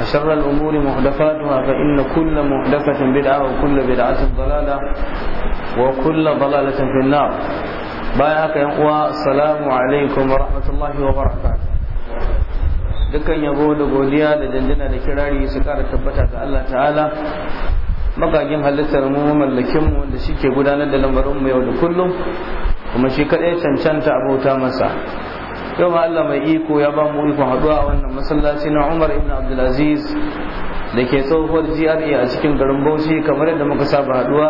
وشر الأمور محدثاتها فإن كل محدثة بدعة وكل بدعة ضلالة وكل ضلالة في النار بايعك يا عليكم ورحمة الله وبركاته dukkan yabo da godiya da dandana da kirari su kara tabbata ga Allah ta'ala magagin halittar mu mallakin mu wanda shike gudanar da lamarin mu yau da kullum kuma shi kadai cancanta abota masa yau ma Allah mai iko ya ba mu ikon haɗuwa a wannan masallaci na Umar ibn Abdulaziz da ke tsohuwar GRA a cikin garin Bauchi kamar yadda muka saba haɗuwa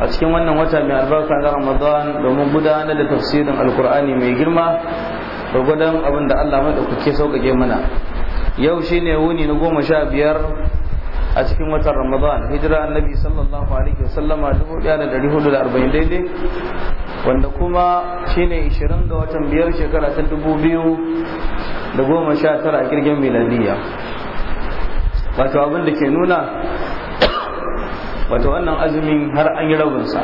a cikin wannan wata mai albarka na Ramadan domin gudanar da tafsirin Alkur'ani mai girma da gudan abin da Allah maɗaukake sauƙaƙe mana yau shine wuni na goma sha biyar a cikin watan ramadan hijira annabi sallallahu alaihi wasallama arba'in daidai wanda kuma shine 20 ga watan biyar shekara ta 2019 a girgin miladiya wato abin da ke nuna wato wannan azumin har an yi rabinsa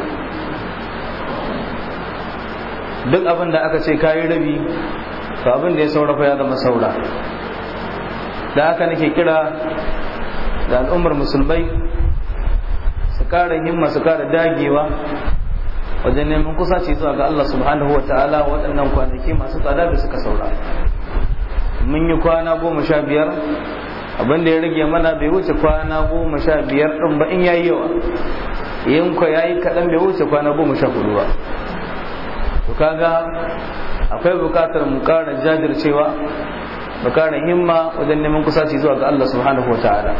duk abinda aka ce kayi rabi to abin ya saurafa ya zama saura da haka nake kira da al'ummar musulmai su kara himma su kara dagewa wajen neman kusaci zuwa ga Allah subhanahu wataala waɗannan kwanaki masu tsada da suka saura mun yi kwana goma sha biyar abin da ya rage mana bai wuce kwana goma sha biyar ɗin ba in ya yi yawa in ya yi kaɗan bai wuce kwana goma sha hudu ba to kaga akwai bukatar mu ƙara jajircewa mu ƙara himma wajen neman kusaci zuwa ga Allah subhanahu wataala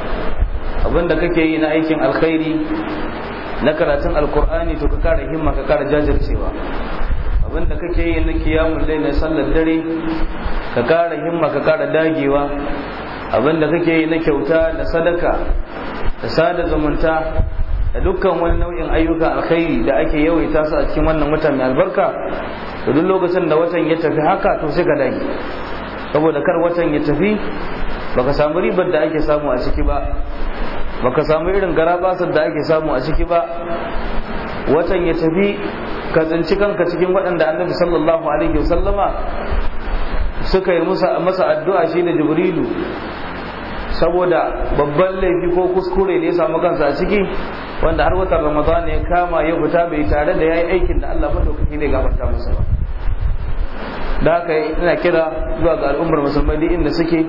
abin da kake yi na aikin alkhairi na karatun alkur'ani to ka kara himma ka kara jajircewa abinda kake yi na kiyamun dai na sallar dare ka kara himma ka kara dagewa abinda kake yi na kyauta da sadaka da sada zumunta da dukkan wani nau'in ayyuka alkhairi da ake yawaita su a cikin wannan wata mai albarka to duk lokacin da watan ya tafi haka to sai ka dage saboda kar watan ya tafi baka samu ribar da ake samu a ciki ba baka samu irin garabasar da ake samu a ciki ba watan ya tafi ka zanci kanka cikin waɗanda annabi sallallahu alaihi wasallama suka yi masa addu'a shi da jibrilu saboda babban laifi ko kuskure ne ya samu kansa a ciki wanda har watan ramadan ya kama ya fita bai tare da ya yi aikin da allah madaukaki ne gafarta masa ba da haka ina kira zuwa ga al'ummar musulmai duk inda suke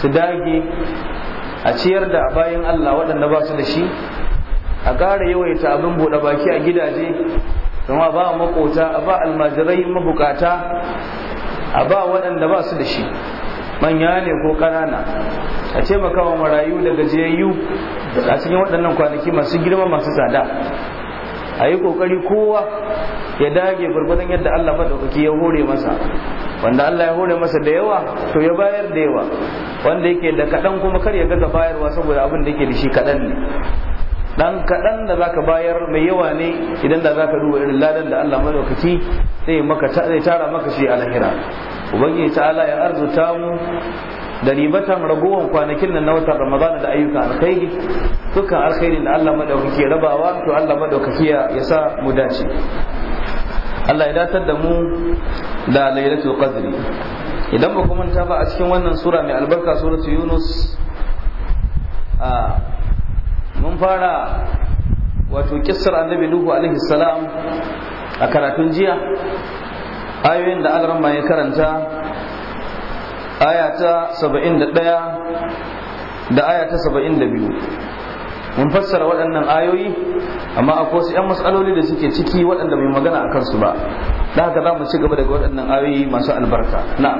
su dage a ciyar da bayan Allah waɗanda ba su da shi a ƙara yawaita abin buɗe baki a gidaje kuma ba makota a ba almajirai mabukata a ba waɗanda ba su da shi manya ne ko ƙanana a taimakawa marayu da gajiyayyu a cikin waɗannan kwanaki masu girma masu tsada a yi ƙoƙari kowa ya dage gurgurdan yadda Allah madaukaki ya hore masa wanda Allah ya hore masa da yawa to ya bayar da yawa wanda yake da kadan kuma kar ya gaza bayarwa saboda abin da yake da shi kadan ne dan kadan da zaka bayar mai yawa ne idan da zaka duba irin ladan da Allah madaukaki zai maka zai tara maka shi a lahira ubangiji ta'ala ya arzuta mu da ribatan ragowar kwanakin nan na watan ramadana da ayyuka alkhairi dukkan alkhairin da Allah madaukaki rabawa to Allah madaukaki ya sa mu dace Allah ya datar da mu da lailatul qadri idan ba manta ba a cikin wannan sura mai albarka suratu yunus a mun fara wato kissar annabi nuhu alaihi salam a karatun jiya ayoyin da alaran ya karanta aya ta 71 da aya ta 72 mun fassara waɗannan ayoyi amma akwai wasu 'yan matsaloli da suke ciki waɗanda mai magana a kansu ba da haka za mu ci gaba daga waɗannan ayoyi masu albarka na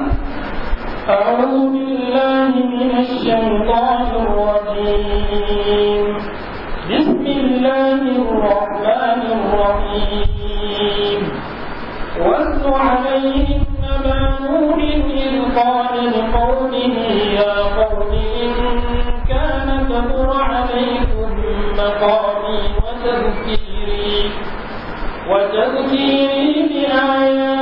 أعوذ بالله من الشيطان الرجيم بسم الله الرحمن الرحيم واتل عليهم نبأ نوح إذ قال لقومه يا قوم إن كان كبر عليكم مقامي وتذكيري وتذكيري بآياتي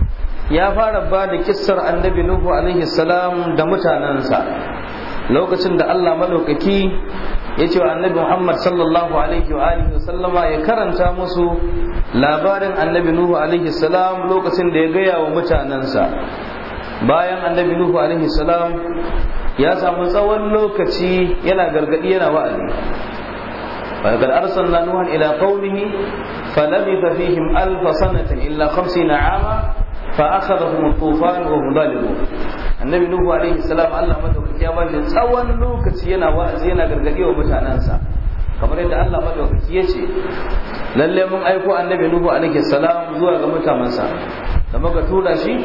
ya fara ba da kissar annabi nuhu alaihi salam da mutanensa lokacin da Allah madaukaki ya ce wa annabi Muhammad sallallahu alaihi wa alihi sallama ya karanta musu labarin annabi Nuhu alaihi salam lokacin da ya gaya wa mutanensa bayan annabi Nuhu alaihi salam ya samu tsawon lokaci yana gargadi yana wa'azi فقد أرسلنا نوحا إلى قومه فلبث فيهم ألف سنة إلا خمسين عاما fa akhadhahum tufan wa hum zalimun annabi nuhu alaihi salam Allah madaukaki ya bani tsawon lokaci yana wa'azi yana gargadi wa mutanansa kamar yadda Allah madaukaki ya ce lalle mun aiko annabi nuhu alaihi salam zuwa ga mutanansa da muka tura shi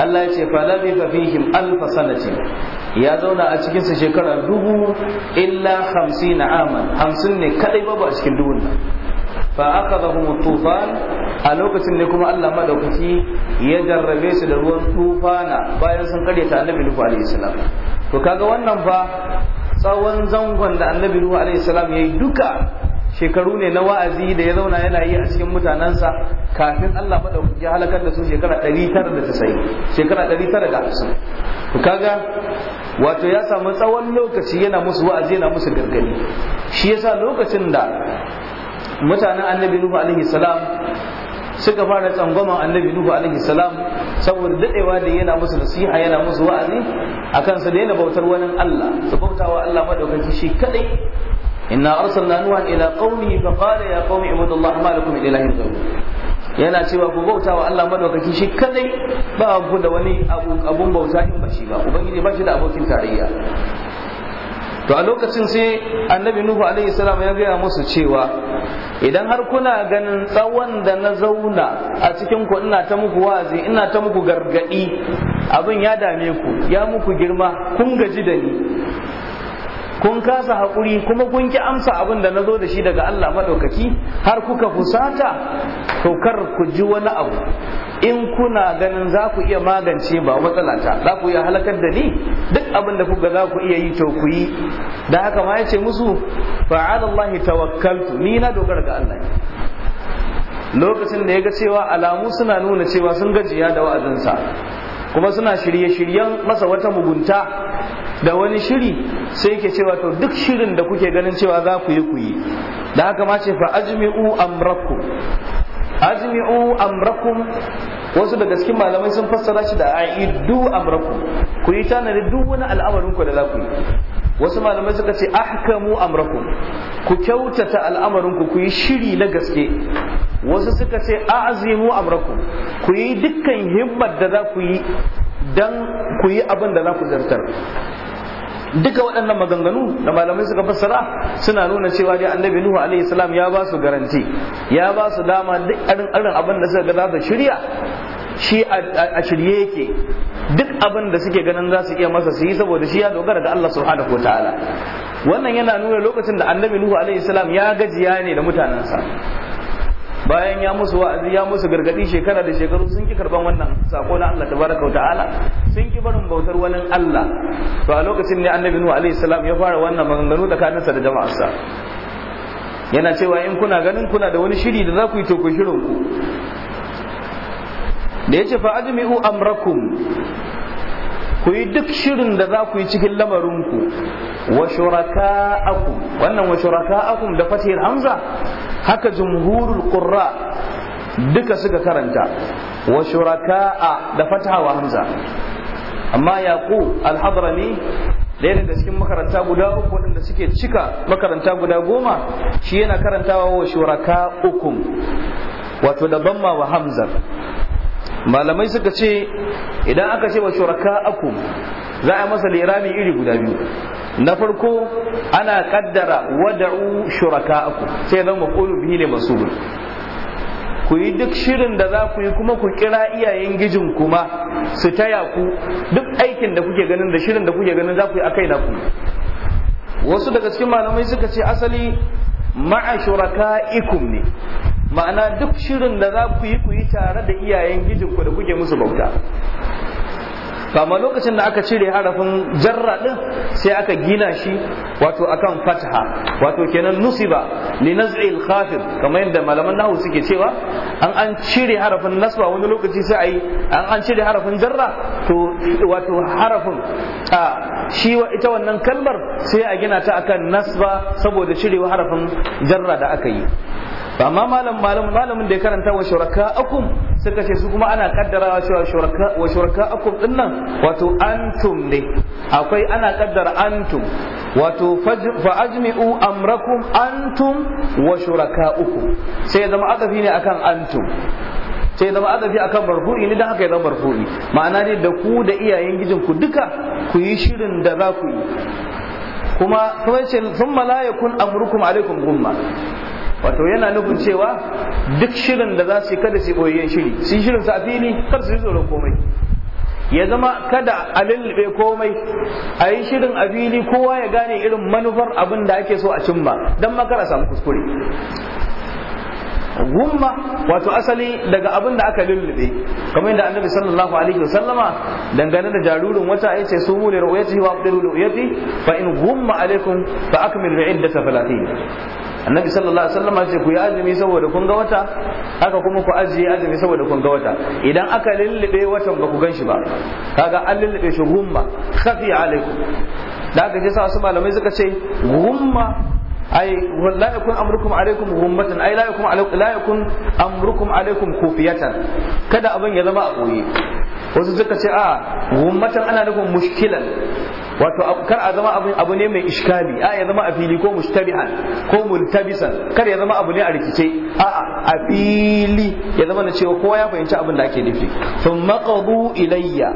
Allah ya ce fa labi fa fihim alf sanati ya zauna a cikin sa shekara dubu illa 50 aman 50 ne kadai babu a cikin dubun nan fa akhadhahum tufan a lokacin ne kuma Allah madaukaki ya jarrabe su da ruwan tufana bayan sun kare ta annabi Nuhu alaihi salam to kaga wannan fa tsawon zangon da annabi Nuhu alaihi salam yayi duka shekaru ne na wa'azi da ya zauna yana yi a cikin mutanensa kafin Allah madaukaki ya halakar da su shekara 990 shekara 950 kaga wato ya samu tsawon lokaci yana musu wa'azi yana musu gargadi shi yasa lokacin da mutanen annabi nuhu alaihi salam suka fara tsangwama annabi nuhu alaihi salam saboda dadewa da yana musu nasiha yana musu wa'azi akan su daina bautar wani Allah su bautawa Allah madaukaki shi kadai inna arsalna nuhan ila qaumihi fa qala ya qaumi ibudullaha ma lakum min ilahin ghayru yana cewa ku bautawa Allah madaukaki shi kadai ba ku da wani abun bauta in ba shi ba ubangiji ba shi da abokin tarayya to a lokacin sai annabi nuhu alaihi salam ya gaya musu cewa idan har kuna ganin tsawon da na zauna a cikin ku ina ta muku wazi ina ta muku gargadi abin ya dame ku ya muku girma kun gaji da ni kun kasa hakuri kuma kun ki amsa abin da na zo da shi daga Allah maɗaukaki har kuka fusata to kar ku ji wani abu in kuna ganin za ku iya magance ba matsala ta za ku iya halakar da ni duk abin da kuka za ku iya yi to ku yi da haka ma ya ce musu fa'alallahi tawakkaltu ni na dogara ga Allah lokacin da ya ga cewa alamu suna nuna cewa sun gajiya da wa'azinsa kuma suna shirye-shiryen masa wata mugunta da wani shiri sai ke cewa to duk shirin da kuke ganin cewa za ku yi ku yi da haka ma ce fa ajmi'u amrakum ajmi'u amrakum wasu daga cikin malamai sun fassara shi da aidu amrakum ku yi tanadi duk wani al'amarin ku da za ku yi wasu malamai suka ce ahkamu amrakum ku kyautata al'amarin ku ku yi shiri na gaske wasu suka ce a'zimu Abraku, ku yi dukkan himmar da za ku yi don ku yi abin da za ku zartar duka waɗannan maganganu da malamai suka fassara suna nuna cewa dai annabi nuhu alaihi salam ya ba su garanti ya ba su dama duk irin irin abin da suka ga za shirya shi a shirye yake duk abin da suke ganin za su iya masa su yi saboda shi ya dogara ga Allah subhanahu wataala wannan yana nuna lokacin da annabi nuhu alaihi salam ya gajiya ne da mutanensa bayan ya musu wa'azi ya musu gargadi shekara da shekaru sun ki karban wannan sako na Allah tabaraka wa ta'ala sun ki barin bautar wani Allah to a lokacin ne annabi nuhu alaihi salam ya fara wannan maganganu tsakaninsa da jama'arsa yana cewa in kuna ganin kuna da wani shiri da za ku yi to ku shirin ku da yace fa ajmi'u amrakum ku yi duk shirin da za ku yi cikin lamarinku wa akum wannan wa akum da fatihin hamza haka jumhurul qurra duka suka karanta wa shuraka da fataha wa hamza amma yaqu al-hadrami ɗaya daga cikin makaranta guda uku waɗanda suke cika makaranta guda goma shi yana karantawa wa shuraka ukum wato da bamma wa hamza malamai suka ce idan aka ce wa shuraka aku za a masa lirami iri guda biyu na farko ana kaddara wada'u shuraka aku sai zan mafulu bihi ne masubul ku yi duk shirin da za ku yi kuma ku kira iyayen gijin kuma su taya ku duk aikin da kuke ganin da shirin da kuke ganin za ku yi akai na ku wasu daga cikin malamai suka ce asali ma'a shuraka ikum ne ma'ana duk shirin da za ku yi ku yi tare da iyayen gijinku da kuke musu bauta kama lokacin da aka cire harafin jarra din sai aka gina shi wato akan fataha wato kenan nusiba li naz'il khafid kamar yadda malaman nahu suke cewa an an cire harafin nasba wani lokaci sai ayi an an cire harafin jarra to wato harafin a shi wa ita wannan kalmar sai a gina ta akan nasba saboda cirewa harafin jarra da aka yi ba ma malam malam malamin da ya karanta wa akum suka ce su kuma ana kaddarawa cewa shuraka wa shuraka'akum dinnan wato antum ne akwai ana kaddara antum wato fa ajmi'u amrakum antum wa ukum sai zama adafi ne akan antum sai zama adafi akan marfu'i ne dan haka ya zama marfu'i ma'ana ne da ku da iyayen gijin ku duka ku yi shirin da za ku yi kuma kuma sun malaya kun amrukum alaikum gumma wato yana nufin cewa duk shirin da za su yi kada su boyayyen shiri su yi shirin sa fili kar su yi tsoron komai ya zama kada a lullube komai a yi shirin a fili kowa ya gane irin manufar abin da ake so a cimma don makara samu kuskure gumma wato asali daga abin da aka lullube kamar yadda annabi sallallahu alaihi wasallama dangane da jarurin wata ya ce su mule ru'yati wa abdiru fi fa in gumma alaikum fa akmilu iddata 30 annabi sallallahu alaihi wasallam ce ku yi azumi saboda kun ga wata haka kuma ku ajiye azumi saboda kun ga wata idan aka lullube watan ba ku ganshi ba kaga an lullube shi gumma khafi alaikum da aka ji sa wasu malamai suka ce gumma ai la yakun amrukum alaikum gummatan ai la yakun la yakun amrukum alaikum kufiyatan kada abin ya zama a koyi wasu suka ce a gummatan ana nufin mushkilan wato kar a zama abu ne mai iskali a ya zama a fili ko mushtabihan ko multabisan kar ya zama abu ne a rikice a a fili ya zama na cewa kowa ya fahimci abin da ake nufi sun qadu ilayya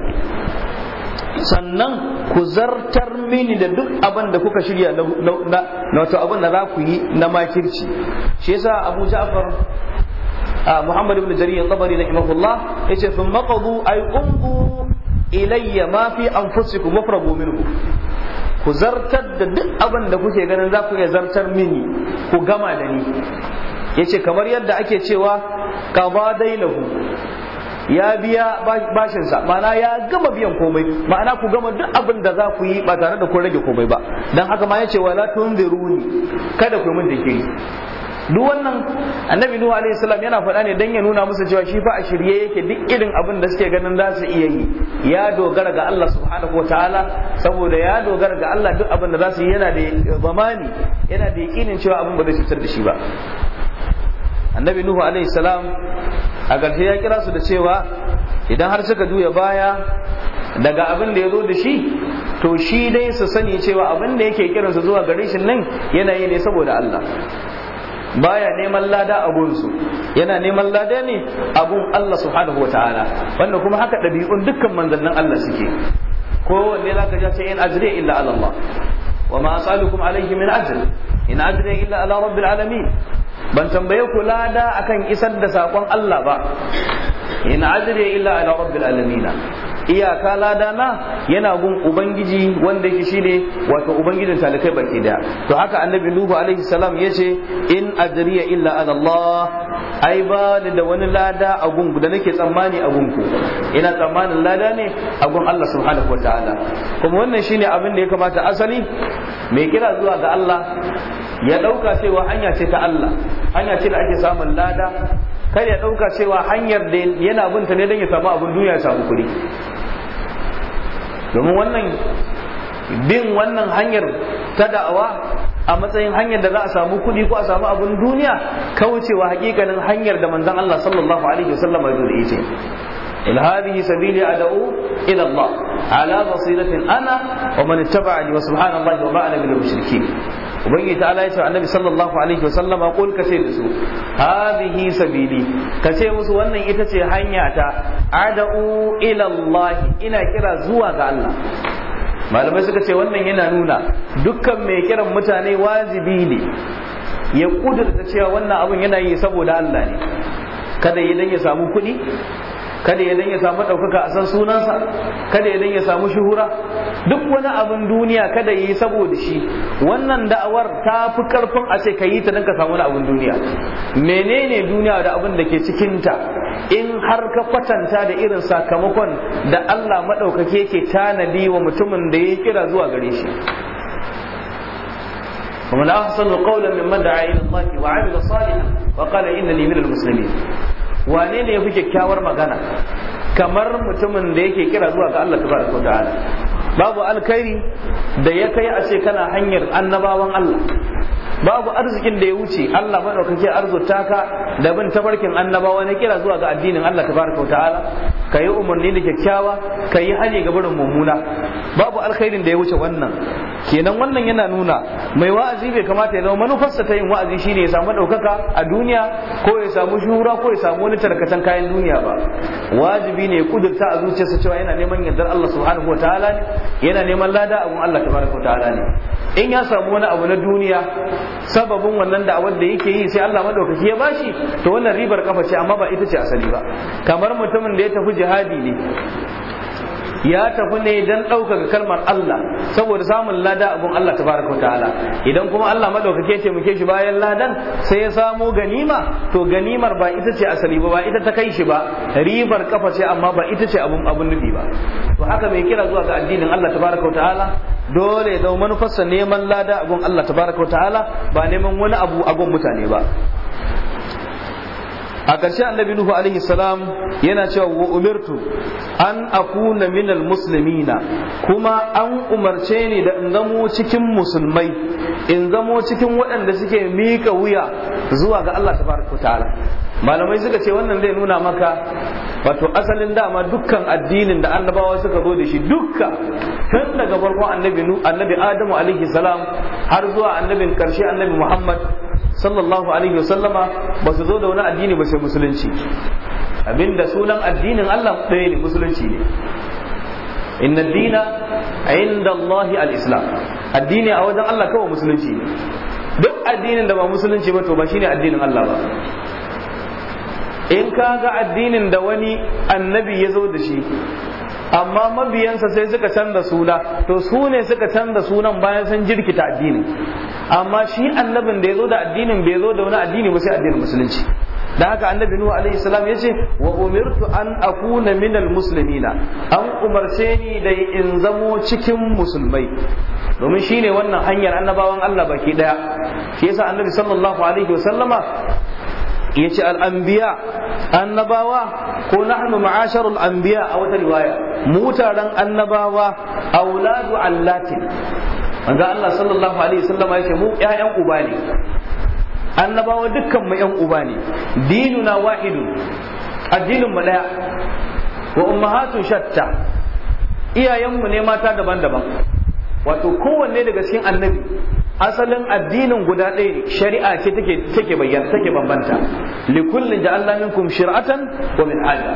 sannan ku zartar mini da duk abin da kuka shirya na wato abin da za ku yi na makirci shi yasa Abu Ja'far Muhammad ibn Jarir al-Tabari rahimahullah yace sun qadu ay umdu ilayya ma fi anfusikum wafrabu minhu ku zartar da duk abin da kuke ganin za ku iya zartar mini ku gama da ni yace kamar yadda ake cewa qada dailahu ya biya bashinsa ma'ana ya gama biyan komai ma'ana ku gama duk abin da za ku yi ba tare da ku rage komai ba dan haka ma yace wala tunziruni kada ku yi min da duk wannan annabi nuhu alaihi salam yana faɗa ne dan ya nuna musu cewa shi fa a shirye yake duk irin abin da suke ganin za su iya yi ya dogara ga Allah subhanahu wataala saboda ya dogara ga Allah duk abin da za su yi yana da zamani yana da yakinin cewa abin ba zai cutar da shi ba annabi nuhu alaihi salam a ƙarshe ya kira su da cewa idan har suka juya baya daga abin da ya zo da shi to shi dai su sani cewa abin da yake kiransu zuwa gare shi nan yana yi ne saboda Allah baya neman lada a gunsu yana neman lada ne a gun Allah subhanahu wa ta'ala wannan kuma haka ɗabi'un dukkan manzannin Allah suke Ko kowanne za ka sai in ajri illa ala Allah wa ma asalukum alaihi min ajr in ajri illa ala rabbil alamin ban tambaye ku lada akan isar da sakon Allah ba in ajri illa ala rabbil alamin iyaka ladana yana gun ubangiji wanda yake shine wato ubangijin talikai baki daya to haka annabi nuhu alaihi salam yace in ajriya illa ala allah ai ba ni da wani lada a gun da nake tsammani a ku ina tsammanin lada ne a gun Allah subhanahu wataala kuma wannan shine abin da ya kamata asali mai kira zuwa ga Allah ya dauka cewa hanya ce ta Allah hanya ce da ake samun lada Kar ya ɗauka cewa hanyar da yana binta ne don ya samu abun duniya ya samu kuɗi domin wannan bin wannan hanyar ta da'awa a matsayin hanyar da za a samu kuɗi ko a samu abun duniya Ka kaucewa hakikanin hanyar da manzon Allah sallallahu alaihi wasallam ya da ita إن هذه سبيلي أدعو إلى الله على بصيرة أنا ومن اتبعني وسبحان الله وما أنا من mushrikeen ubangiji ta Allah ya annabi sallallahu alaihi wasallam qul ka ce da su hadhihi sabili ka ce musu wannan ita ce hanya ta ad'u ila Allah ina kira zuwa ga Allah malamai suka ce wannan yana nuna dukkan mai kiran mutane wajibi ne ya kudurta cewa wannan abun yana yi saboda Allah ne kada yi dan ya samu kuɗi kada ya dan ya samu ɗaukaka a san sunansa kada ya dan ya samu shuhura duk wani abin duniya kada ya yi saboda shi wannan da'awar ta fi karfin a ce ka yi ta dan ka samu abin duniya menene duniya da abin da ke cikinta in har ka kwatanta da irin sakamakon da Allah maɗaukaki yake tanadi wa mutumin da ya kira zuwa gare shi ومن أحسن قولا ممن دعا إلى الله وعمل صالحا وقال إنني من المسلمين wane ne yafi kyakkyawar magana kamar mutumin da yake kira zuwa ga Allah tabaraka ta'ala babu alkhairi da ya kai a ce kana hanyar annabawan Allah babu arzikin da ya wuce Allah madaukake arzuta ka da bin tabarkin annabawa ne kira zuwa ga addinin Allah tabaraka ta'ala ka yi umarni da kyakkyawa ka yi hali ga barin mummuna babu alkhairin da ya wuce wannan kenan wannan yana nuna mai wa'azi bai kamata ya zama manufarsa ta yin wa'azi shine ya samu ɗaukaka a duniya ko ya samu shura ko ya samu wani tarkacen kayan duniya ba wajibi ne ya kudurta a zuciyarsa cewa yana neman yardar Allah subhanahu wa ta'ala ne yana neman lada abun Allah tabaraka wa ta'ala ne in ya samu wani abu na duniya sababin wannan da'awar da yake yi sai Allah madaukaki ya bashi to wannan ribar kafa ce amma ba ita ce asali ba kamar mutumin da ya tafi jihadi ne ya tafi ne don ɗaukaka kalmar Allah saboda samun lada abin Allah ta baraka ta'ala idan kuma Allah maɗaukake ce muke shi bayan ladan sai ya samu ganima to ganimar ba ita ce asali ba ita ta kai shi ba ribar kafa ce amma ba ita ce abin abin nufi ba to haka mai kira zuwa ga addinin Allah ta baraka ta'ala dole da manufarsa neman lada abin Allah ta baraka ta'ala ba neman wani abu agun mutane ba a ƙarshe annabi nuhu alaihi salam yana cewa wa umirtu an akuna minal muslimina kuma an umarce ni da in zamo cikin musulmai in zamo cikin waɗanda suke miƙa wuya zuwa ga Allah tabaraka ta'ala malamai suka ce wannan zai nuna maka wato asalin dama dukkan addinin da annabawa suka zo da shi dukka tun daga farkon annabi annabi Adamu alaihi salam har zuwa annabin ƙarshe annabi Muhammad sallallahu alaihi wasallama ba su zo da wani addini ba sai musulunci abinda sunan addinin Allah ɗaya ne musulunci ne inna dina inda Allah al-islam addini a wajen Allah kawai musulunci ne duk addinin da ba musulunci ba to ba shine addinin Allah ba in ka ga addinin da wani annabi ya zo da shi amma mabiyansa sai suka canza suna to su ne suka canza sunan bayan sun jirkita addinin amma shi annabin da ya zo da addinin bai zo da wani addini ba sai addinin musulunci da haka annabi nuhu alaihi salam yace wa umirtu an akuna minal muslimina an umarce ni da in zamo cikin musulmai domin shine wannan hanyar annabawan Allah baki daya shi yasa annabi sallallahu alaihi wa sallama yace al-anbiya annabawa ko nahnu ma'asharul anbiya a wata riwaya mu annabawa auladu allati ga Allah sallallahu alaihi wasallam ya ce mu ƴaƴan uba ne annabawa dukkan mu ƴan uba ne dinuna wahidu addinin mu daya wa ummahatu shatta iyayenmu ne mata daban-daban wato kowanne daga cikin annabi asalin addinin guda ɗaya ne shari'a ce take take bayyana take bambanta li kullin ja'alna minkum shir'atan wa min ada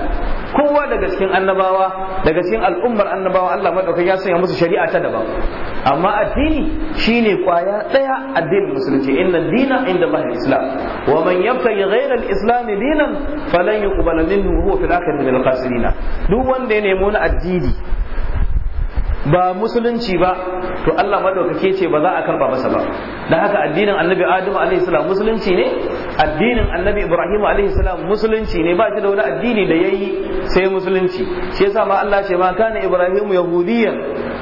kowa daga cikin annabawa daga cikin al'ummar annabawa Allah madaukakin ya sanya musu shari'a ta daban amma addini shine kwaya ɗaya addinin musulunci inna dina inda Allah islam wa man yabtaghi ghayra al-islam dinan falan yuqbala minhu huwa fil akhirati min al-khasirin duk wanda ya nemi wani addini ba musulunci ba to Allah madaukake ce ba za a karba masa ba dan haka addinin annabi Adam alaihi salam musulunci ne addinin annabi Ibrahim alaihi salam musulunci ne ba shi da wani addini da yayi sai musulunci shi yasa ma Allah ce ma kana Ibrahim yahudiyan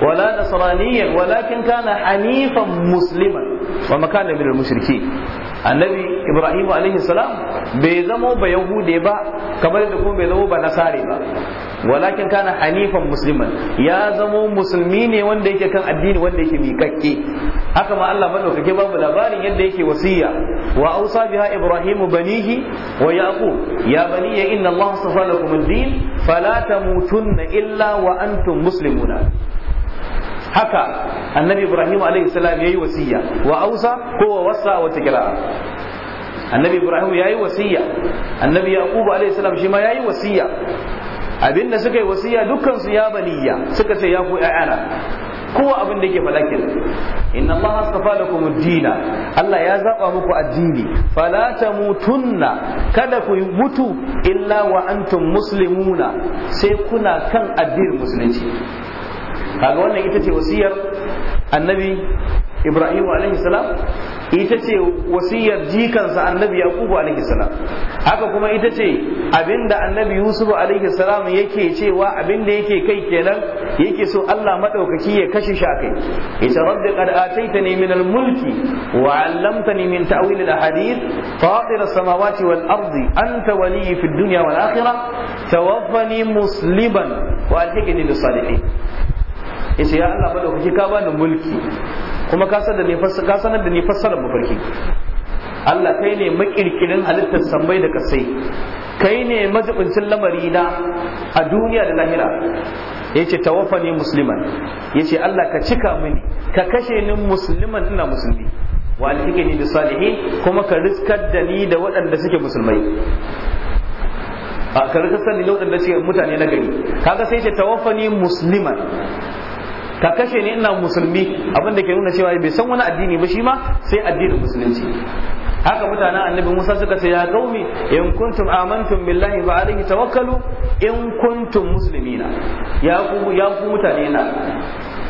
wala nasraniyan walakin kana hanifan musliman wa ma min minal annabi ibrahim alaihi salam bai zamo ba yahude ba kamar da kuma bai zamo ba nasare ba walakin kana hanifan musliman ya zamo musulmi ne wanda yake kan addini wanda yake miƙaƙƙe haka ma Allah madaukake babu labarin yadda yake wasiya wa ausa biha ibrahim banihi wa yaqub ya bani inna Allah safa lakum ad-din fala tamutunna illa wa antum muslimuna haka annabi ibrahim alaihi salam yayi wasiya wa ausa ko wa wasa wata kira'a annabi ibrahim yayi wasiya annabi yaqub alaihi salam shi ma yayi wasiya abinda suka yi wasiya dukkan su ya baniya suka ce ya ku ƴaƴana kowa abin da yake faɗa ke inna allaha astafa lakum ad-dina Allah ya zaba muku addini fala tamutunna kada ku mutu illa wa antum muslimuna sai kuna kan addinin musulunci kaga wannan ita ce wasiyar annabi ibrahim alaihi salam ita ce wasiyar jikansa annabi yaqub alaihi salam haka kuma ita ce abinda annabi yusuf alaihi salam yake cewa abinda yake kai kenan yake so Allah madaukaki ya kashe shi akai ita rabbi qad ataitani min al-mulki wa 'allamtani min ta'wil al-ahadith fatir as-samawati wal ardi anta fi fid dunya wal akhirah tawaffani musliman wa alhiqni bis salihin yace ya Allah kuke ka bani mulki kuma ka sanar da ni fassara ka sanar da ni fassarar mafarki Allah kai ne makirkirin halittar sambai da kasai kai ne majibincin lamari na a duniya da lahira yace tawaffani musliman yace Allah ka cika mini ka kashe ni musliman ina musulmi wa alhiqini bis salihin kuma ka riskar da ni da waɗanda suke musulmai a karkasar da waɗanda suke mutane na gari kaga sai ce tawaffani musliman ka kashe ni ina musulmi abin da ke nuna cewa bai san wani addini ba shi ma sai addinin musulunci haka mutanen annabi Musa suka ce ya gaumi in kuntum amantum billahi wa alayhi tawakkalu in kuntum muslimina ya ku ya ku mutane na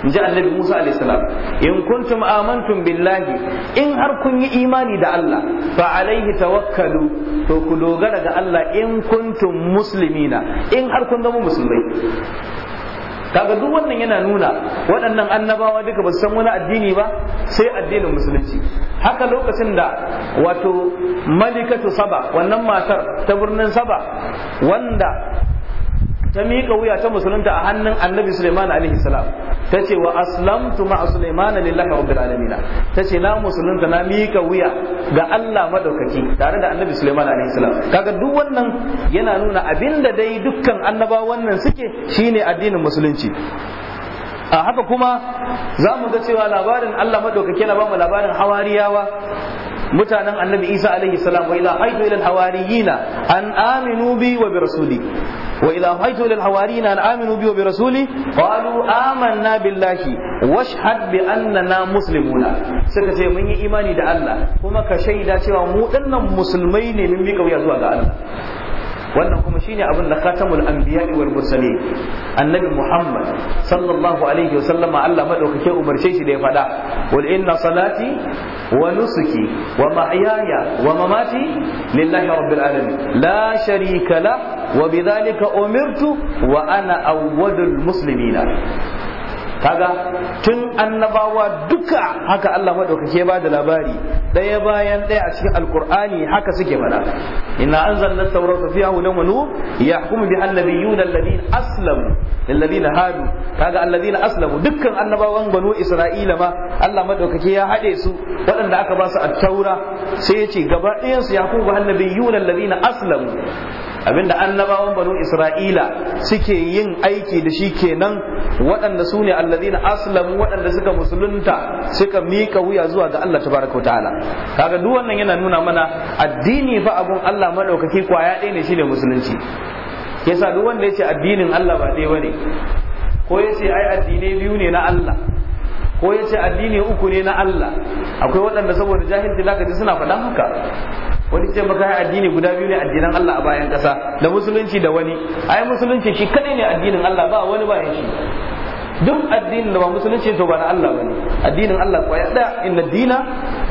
in ji annabi Musa alayhi salam in kuntum amantum billahi in har kun yi imani da Allah fa alayhi tawakkalu to ku dogara ga Allah in kuntum muslimina in har kun zama musulmai kaga duk wannan yana nuna waɗannan annabawa duka ba san wani addini ba sai addinin musulunci haka lokacin da wato malikatu saba wannan matar ta birnin saba wanda ta miƙa wuya ta musulunta a hannun annabi Sulaiman alaihi salam ta ce wa aslamtu ma'a Sulaiman lillahi rabbil alamin ta ce na musulunta na miƙa wuya ga Allah madaukaki tare da annabi Sulaiman alaihi salam kaga duk wannan yana nuna abinda dai dukkan annabawan wannan suke shine addinin musulunci a haka kuma za mu ga cewa labarin Allah maɗaukaki yana bamu labarin hawariyawa mutanen annabi isa alaihi salam wa ila aitu ila hawariyina an aminu bi wa bi rasuli وإذا أوحيت إلى الحواريين أن آمنوا بي وبرسولي قالوا آمنا بالله واشهد بأننا مسلمون سكتي من إيماني دا الله كما كشيدا سوى مؤمنا مسلمين من بك ويزوى الله wannan kuma shine abin da khatamul anbiya'i wal mursalin annabi muhammad sallallahu alaihi wasallam Allah madaukake umarce shi da ya faɗa wal inna salati wa nusuki wa mahyaya wa mamati lillahi rabbil alamin la sharika la wa bidhalika umirtu wa ana awwalul muslimina kaga tun annabawa duka haka Allah madaukake ba da labari daya bayan daya a cikin alqur'ani haka suke fada inna anzalna tawrata fiha hudan wa nur yahkumu biha annabiyuna alladhina aslamu lilladhina hadu kaga alladhina aslamu dukkan annabawan banu isra'ila ma Allah madaukake ya hade su waɗanda aka ba su at-taura sai ya ce gaba ɗayan su yahkumu biha annabiyuna alladhina aslamu abinda annabawan banu isra'ila suke yin aiki da shi kenan waɗanda su ne allazina aslamu waɗanda suka musulunta suka mika wuya zuwa ga Allah tabaraka ta'ala kaga duk wannan yana nuna mana addini fa abun Allah madaukaki kwaya ɗaya ne shine musulunci yasa duk wanda yace addinin Allah ba ɗaya bane ko yace ai addinai biyu ne na Allah ko ya ce addini uku ne na Allah akwai waɗanda saboda jahilci zaka ji suna faɗan haka wani ce maka addini guda biyu ne addinan Allah a bayan ƙasa da musulunci da wani ai musulunci shi kadai ne addinin Allah ba wani bayan shi duk addinin da ba musulunci to ba na Allah bane addinin Allah ya da inna dina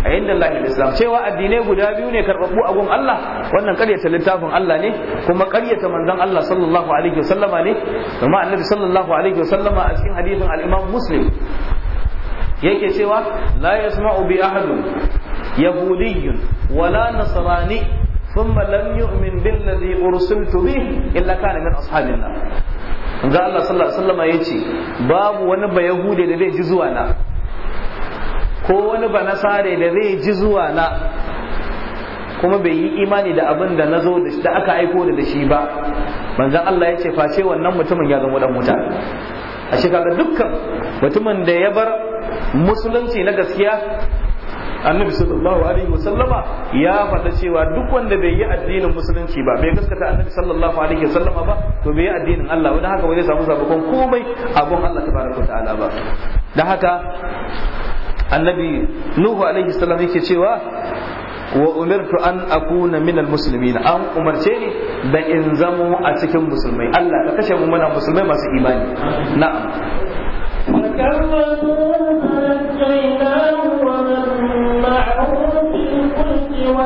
a inda Allah islam cewa addinai guda biyu ne karbabu a gun Allah wannan ta littafin Allah ne kuma ta manzon Allah sallallahu alaihi wasallama ne kuma annabi sallallahu alaihi wasallama a cikin hadisin al-Imam Muslim yake cewa la yasma'u bi ahadin يهودي ولا نصراني ثم لم يؤمن بالذي أرسلت به إلا كان من أصحاب النار ga Allah sallallahu alaihi wasallam ya ce babu wani ba yahude da zai ji zuwa na ko wani ba nasare da zai ji zuwa na kuma bai yi imani da abin da na zo da aka aiko da shi ba manzon Allah yace face wannan mutumin ya zama dan wuta a shekara dukkan mutumin da ya bar musulunci na gaskiya annabi sallallahu alaihi wa sallama ya faɗa cewa duk wanda bai yi addinin musulunci ba bai gaskata annabi sallallahu alaihi wa sallama ba to bai yi addinin Allah ba dan haka bai samu sabakon komai abun Allah tabaraka ta'ala ba dan haka annabi nuhu alaihi salam yake cewa wa umirtu an akuna min almuslimin an umarce ni da in zamo a cikin musulmai Allah ka kashe mu muna musulmai masu imani na'am وكذبوا فنجيناه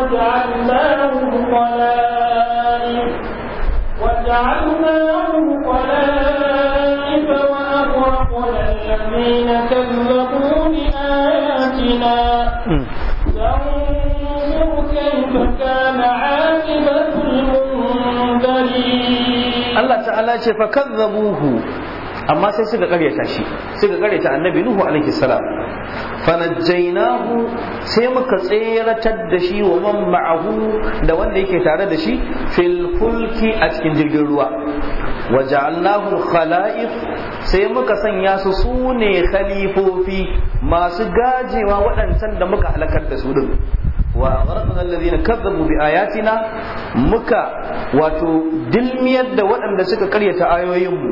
Allah ta'ala ce fa kazzabuhu amma sai suka ƙaryata shi suka ƙaryata annabi Nuhu alaihi salam fanajjainahu sai muka tseratar da shi wa man ma'ahu da wanda yake tare da shi fil fulki a cikin jirgin ruwa wa ja'alnahu khala'if sai muka sanya su sune khalifofi masu gajewa waɗancan da muka halakar da su din wa aghraqna alladhina kazzabu bi ayatina muka wato dilmiyar da waɗanda suka karyata ayoyinmu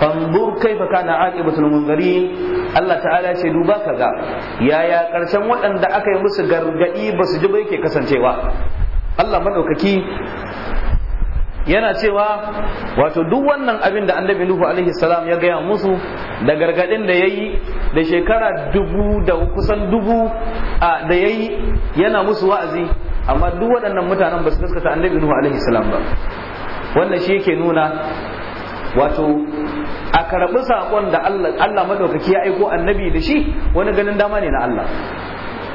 fanzur na kana aqibatul munzirin Allah ta'ala ce duba kaga yaya ƙarshen waɗanda aka yi musu gargadi ba su ji ba yake kasancewa Allah madaukaki yana cewa wato duk wannan abin da annabi nuhu alaihi salam ya gaya musu da gargadin da yayi da shekara dubu da kusan dubu da yayi yana musu wa'azi amma duk waɗannan mutanen ba su gaskata annabi nuhu alaihi salam ba wannan shi yake nuna wato a karɓi saƙon da Allah madaukaki ya aiko annabi da shi wani ganin dama ne na Allah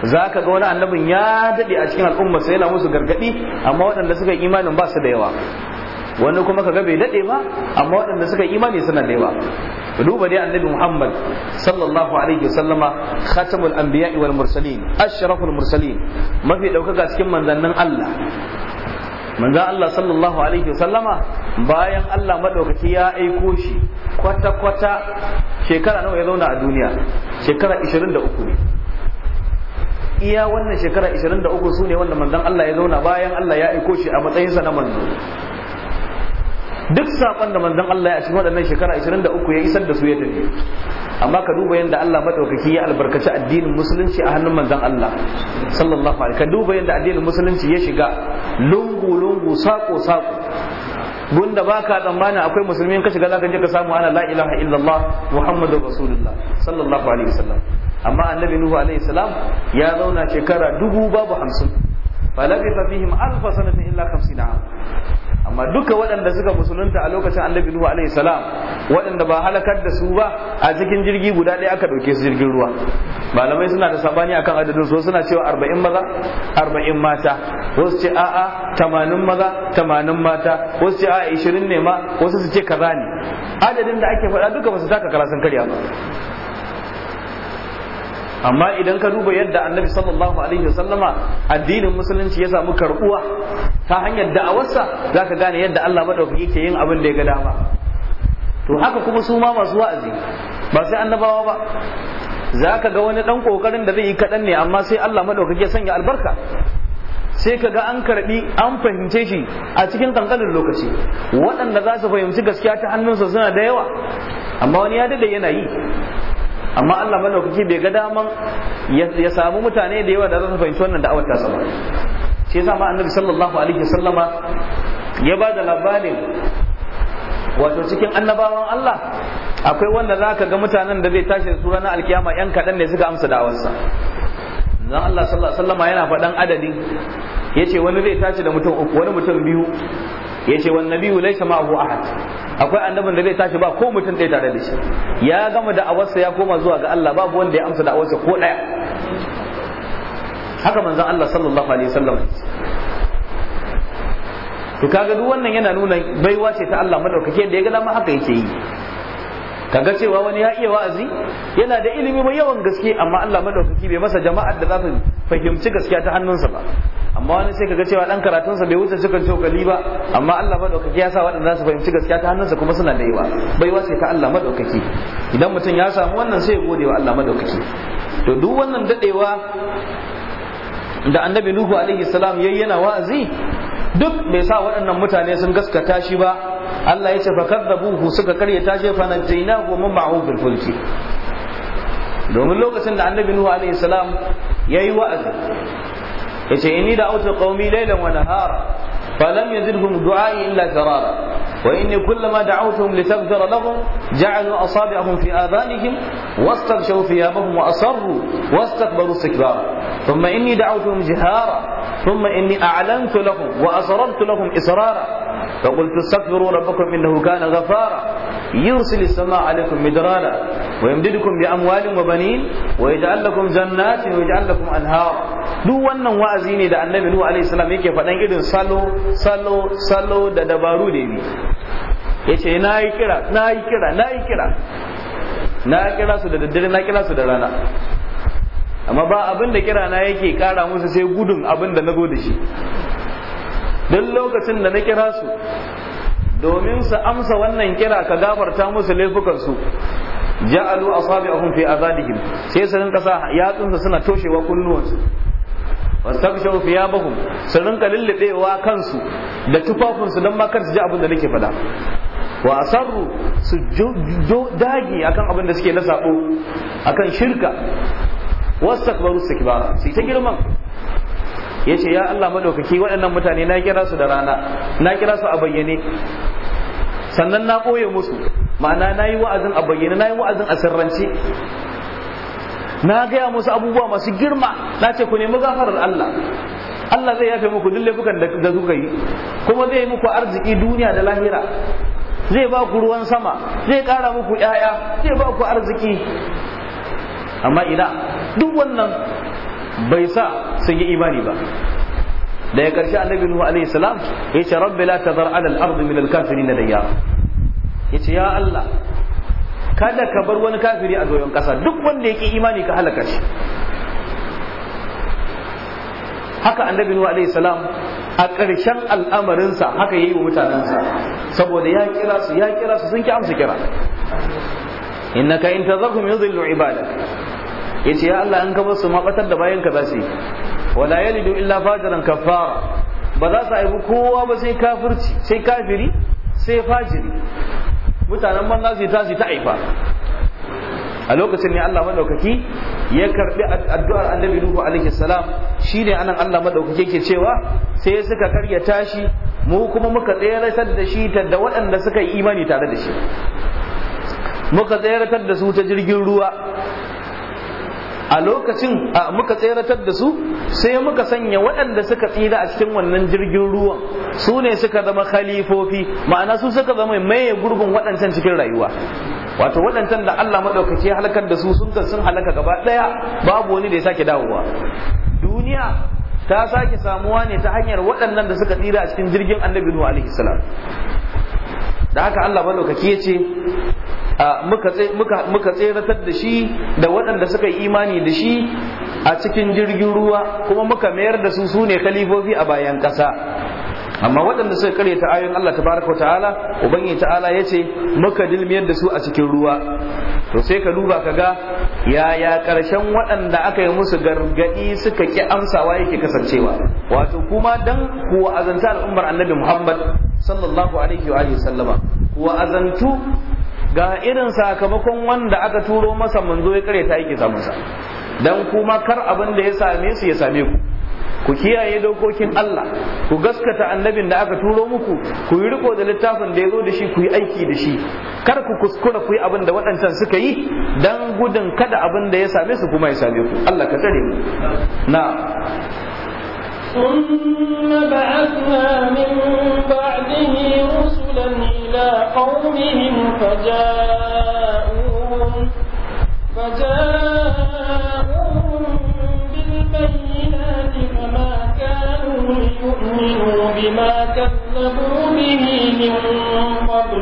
za ka ga wani annabin ya daɗe a cikin al'umma sai yana musu gargaɗi amma waɗanda suka yi imanin ba su da yawa wani kuma kaga bai dade ba amma waɗanda suka imani suna da yawa duba dai annabi Muhammad sallallahu alaihi wasallama khatamul anbiya'i wal mursalin ashraful mursalin mafi daukaka cikin manzannin Allah manzan Allah sallallahu alaihi wasallama bayan Allah madaukaki ya aiko shi kwata kwata shekara nawa ya zauna a duniya shekara 23 ne iya wannan shekara 23 su ne wanda manzan Allah ya zauna bayan Allah ya aiko shi a matsayinsa na manzo duk sakon da manzon Allah ya cikin waɗannan shekara 23 ya isar da su ya tafi amma ka duba yadda Allah madaukaki ya albarkaci addinin musulunci a hannun manzon Allah sallallahu alaihi ka duba yadda addinin musulunci ya shiga lungu lungu sako sako gunda ba ka tsammanin akwai musulmi ka shiga zaka je ka samu ana la ilaha illallah muhammadur rasulullah sallallahu alaihi wasallam amma annabi nuhu alaihi salam ya zauna shekara dubu babu hamsin fa labitha fihim sanatin illa 50 amma duka waɗanda suka musulunta a lokacin annabi nuhu alaihi salam waɗanda ba halakar da su ba a cikin jirgi guda ɗaya aka ɗauke su jirgin ruwa malamai suna da sabani akan adadin su suna cewa arba'in maza arba'in mata wasu ce a'a tamanin maza tamanin mata wasu ce a'a ishirin ne ma wasu su ce kaza ne adadin da ake faɗa duka ba su taka kara sun karya ba amma idan ka duba yadda annabi sallallahu alaihi wasallama addinin musulunci ya samu karbuwa ta hanyar da'awarsa zaka gane yadda Allah madaukaki ke yin abin da ya ga dama to haka kuma su ma masu wa'azi ba sai annabawa ba zaka ga wani ɗan kokarin da zai yi kaɗan ne amma sai Allah maɗaukaki ya sanya albarka sai ka ga an karɓi an fahimce shi a cikin kankanin lokaci waɗanda za su fahimci gaskiya ta hannunsa suna da yawa amma wani ya dade yana yi amma Allah malaukaki bai ga daman ya samu mutane da yawa da za su fahimci wannan da'awar ta sama shi yasa ma annabi sallallahu alaihi wasallama ya ba da labarin wato cikin annabawan Allah akwai wanda za ka ga mutanen da zai tashi da su ranar alkiyama yan kaɗan ne suka amsa da'awarsa dan Allah sallallahu alaihi wasallama yana faɗan adadin yace wani zai tashi da mutum uku wani mutum biyu yace wan nabiyyu laysa ma'ahu ahad akwai annabin da zai tashi ba ko mutum ɗaya tare da shi ya gama da awarsa ya koma zuwa ga Allah babu wanda ya amsa da awarsa ko ɗaya haka manzon Allah sallallahu alaihi wasallam to kaga duk wannan yana nuna baiwa ce ta Allah madaukake da ya ga dama haka yake yi kaga cewa wani ya iya wa'azi yana da ilimi mai yawan gaske amma Allah madaukaki bai masa jama'ar da za ta fahimci gaskiya ta hannunsa ba amma wani sai kaga cewa dan karatunsa bai wuce cikin cokali ba amma Allah madaukaki ya sa waɗanda su fahimci gaskiya ta hannunsa kuma suna da yawa Bai wace ta Allah madaukaki idan mutum ya samu wannan sai ya gode wa Allah madaukaki to duk wannan dadewa da annabi nuhu alaihi salam yayi yana wa'azi duk bai sa waɗannan mutane sun gaskata shi ba Allah ya ce fa kadzabuhu suka ta shi fa najaynahu min ma'u bil fulki domin lokacin da annabi nuhu alaihi salam yayi wa'azi yace inni da auta qaumi laylan wa nahara فلم يزدهم دعائي إلا فرارا وإني كلما دعوتهم لتغفر لهم جعلوا أصابعهم في آذانهم واستغشوا ثيابهم وأصروا واستكبروا استكبارا ثم إني دعوتهم جهارا ثم إني أعلنت لهم وأسررت لهم إسرارا فقلت استغفروا ربكم انه كان غفارا يرسل السماء عليكم مدرارا ويمددكم باموال وبنين ويجعل لكم جنات ويجعل لكم انهارا duk wannan wa'azi ne da annabi nuhu alaihi salam yake faɗan irin salo salo salo da dabaru da bi yace na yi kira na yi kira na yi kira na kira su da daddare na kira su da rana amma ba abin da kira na yake kara musu sai gudun abin da na zo da shi duk lokacin da na kira su domin su amsa wannan kira ka gafarta musu laifukansu ja'alu asabi'ahum fi azadihim sai su rinka sa yatsunsa suna toshewa kunnuwansu wastakshaw thiyabahum su rinka lullubewa kansu da tufafinsu don ma su ji abin da nake faɗa wa asarru su dagi akan abin da suke na sabo akan shirka wastakbaru kibara sai ta girman yace ya Allah madaukaki waɗannan mutane na kira su da rana na kira su a bayyane sannan na ɓoye musu ma'ana na yi wa'azin a bayyane na yi wa'azin a sirrance na gaya musu abubuwa masu girma na ce ku nemi gafarar Allah Allah zai yafe muku duk laifukan da kuka yi kuma zai yi muku arziki duniya da lahira zai ba ku ruwan sama zai ƙara muku ‘ya'ya zai ba ku arziki amma ina duk wannan bai sa sun yi imani ba da ya karshe annabi nuhu alaihi salam ya ce rabbi la tadhar ala al-ardi min al-kafirin dayya ya ya Allah kada ka bar wani kafiri a zoyon ƙasa duk wanda yake imani ka halaka shi haka annabi nuhu alaihi salam a ƙarshen al'amarinsa haka yayi wa mutanensa saboda ya kira su ya kira su sun ki amsa kira innaka in tazarhum yudhillu ibadak yace ya Allah an gaba su mabatar da bayan ka zasu wala yalidu illa fajiran kafara ba za su aibu kowa ba sai kafirci sai kafiri sai fajiri mutanen za su ta tasi ta aifa a lokacin ne Allah madaukaki ya karbi addu'ar annabi Nuhu alaihi salam shine anan Allah madaukaki yake cewa sai suka karya tashi mu kuma muka tsayar da shi da waɗanda suka yi imani tare da shi muka tsayartar da su ta jirgin ruwa a lokacin muka tseratar da su sai muka sanya waɗanda suka tsira a cikin wannan jirgin ruwan su ne suka zama khalifofi ma'ana su suka zama maye gurbin waɗancan cikin rayuwa wato waɗancan da Allah maɗaukaki halakar da su sun sun halaka gaba ɗaya babu wani da ya sake dawowa duniya ta sake samuwa ne ta hanyar waɗannan da suka tsira a cikin jirgin annabi Nuhu alaihi salam da haka Allah madaukaki ya ce muka tseratar da shi da waɗanda suka yi imani da shi a cikin jirgin ruwa kuma muka mayar da su su ne khalifofi a bayan ƙasa amma waɗanda suka ta ayoyin Allah tabaraka ta'ala ubangiji ta'ala yace muka dilmiyar da su a cikin ruwa to sai ka duba ka ga yaya karshen waɗanda aka yi musu gargadi suka ki amsawa yake kasancewa wato kuma dan ku azanta al'ummar annabi Muhammad sallallahu alaihi wa sallama kuwa azantu ga irin sakamakon wanda aka turo masa manzo ya karyata yake samunsa dan kuma kar abin da ya same su ya same ku ku kiyaye dokokin Allah ku gaskata annabin da aka turo muku ku yi riko da littafin da ya zo da shi ku yi aiki da shi kar ku kuskura ku yi abin da waɗancan suka yi dan gudun kada abin da ya same su kuma ya same ku Allah ka tare mu na ثم بعثنا من بعده رسلا إلى قومهم فجاءوهم كذبوا به من قبل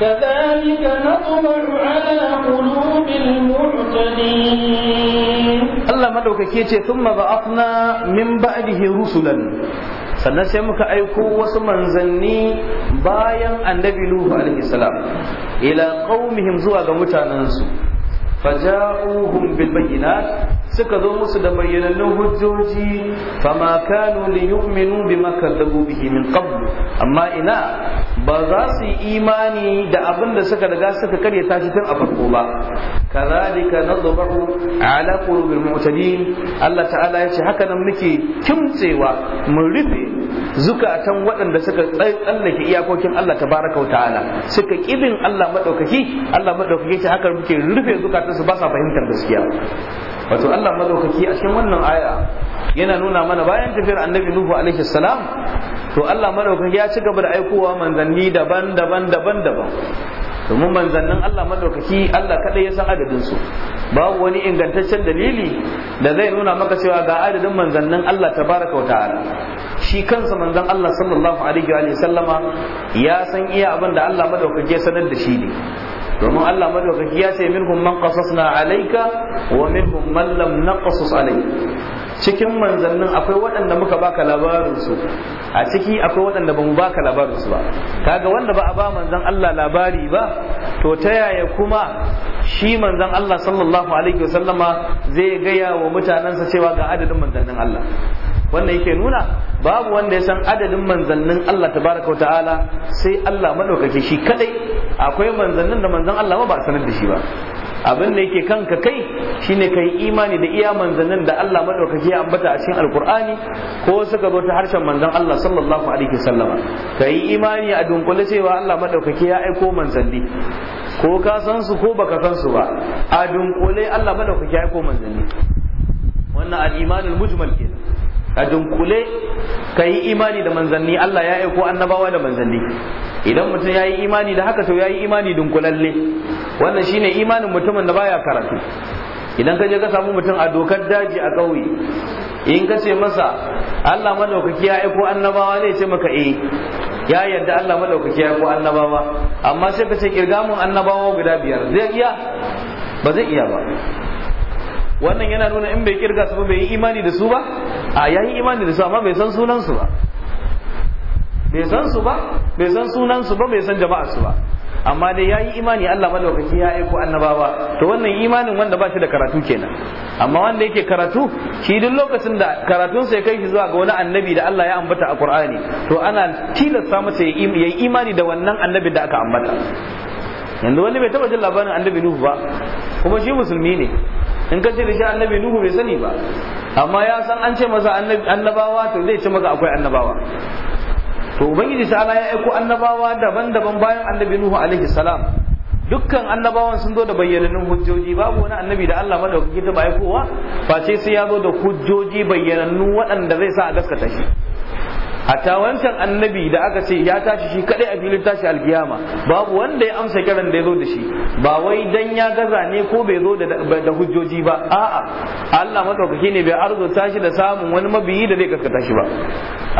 كذلك نطبع على قلوب المعتدين الله ce sun ثم بعثنا من بعده rusulan, sannan sai muka aiko wasu manzanni bayan annabi Nuhu alaihi salam ila qaumihim zuwa ga mutanansu faja'uhum bil bayyinat suka zo musu da bayyanannun hujjoji fama kanu li yu'minu bima kadzabu bihi min amma ina ba za su yi imani da abin da suka riga suka karya tashi tun a farko ba kazalika nadbu ala qulubil mu'tadin Allah ta'ala ce haka nan muke kimtsewa mun rufe zukatan waɗanda suka tsallake iyakokin Allah ta tabaraka ta'ala suka ƙibin Allah Maɗaukaki, Allah Maɗaukaki ta haka muke rufe zukatan su ba sa fahimtar gaskiya wato Allah Maɗaukaki a cikin wannan aya yana nuna mana bayan tafiyar annabi Nuhu alaihi salam to Allah Maɗaukaki ya ci gaba da aikowa manzanni daban-daban daban-daban domin manzannin Allah madaukaki Allah kadai ya san adadin su babu wani ingantaccen dalili da zai nuna maka cewa ga adadin manzannin Allah tabaraka wa ta'ala shi kansa manzon Allah sallallahu alaihi wa sallama ya san iya abin da Allah madaukaki ya sanar da shi ne domin Allah madaukaki ya ce minhum man qasasna alayka wa minhum man lam naqasus alayka cikin manzannin akwai waɗanda muka baka labarin su a ciki akwai waɗanda bamu baka labarin su ba kaga wanda ba a ba manzan Allah labari ba to ta yaya kuma shi manzan Allah sallallahu alaihi wasallama zai gaya wa mutanensa cewa ga adadin manzannin Allah wannan yake nuna babu wanda ya san adadin manzannin Allah tabaraka ta'ala sai Allah madaukake shi kadai akwai manzannin da manzan Allah ma ba a sanar da shi ba abin da yake kanka kai shine ka yi imani da iya manzannin da Allah maɗaukaki ya ambata a cikin alkur'ani ko suka zo ta harshen manzan Allah sallallahu alaihi wasallama ka yi imani a dunkule cewa Allah maɗaukaki ya aiko manzanni ko ka san su ko baka san su ba a dunkule Allah maɗaukaki ya aiko manzanni wannan al-imanul mujmal kenan a dunkule ka yi imani da manzanni Allah ya aiko annabawa da manzanni idan mutum ya yi imani da haka to ya yi imani dunkulalle wannan shine imanin mutumin da baya karatu idan ka je ka samu mutum a dokar daji a ƙauye in ka ce masa Allah madaukaki ya aiko annabawa ne ce maka eh ya yarda Allah madaukaki ya aiko annabawa amma sai ka ce kirgamun annabawa guda biyar zai iya ba zai iya ba wannan yana nuna in bai kirga su ba bai yi imani da su ba a yayi imani da su amma bai san sunan su ba bai san su ba bai san sunan su ba bai san jama'a su ba amma dai ya imani Allah madaukaki ya aiko annabawa to wannan imanin wanda ba shi da karatu kenan amma wanda yake karatu shi duk lokacin da karatun ya kai shi zuwa ga wani annabi da Allah ya ambata a Qur'ani to ana tilasta masa ya yi imani da wannan annabi da aka ambata yanzu wani bai taba jin labarin annabi Nuhu ba kuma shi musulmi ne in ka ce da shi annabi nuhu bai sani ba amma ya san an ce masa annabawa to zai ce maka akwai annabawa to ubangiji ta'ala ya aiko annabawa daban-daban bayan annabi nuhu alaihi salam dukkan annabawan sun zo da bayyanannun hujjoji babu wani annabi da Allah madaukaki ta aikowa face sai ya zo da hujjoji bayyanannu waɗanda zai sa a gaskata shi hatta wancan annabi da aka ce ya tashi shi kadai a filin tashi alkiyama babu wanda ya amsa kiran da ya zo da shi ba wai dan ya gaza ne ko bai zo da hujjoji ba a'a Allah madaukaki ne bai arzo shi da samun wani mabiyi da zai kaskata shi ba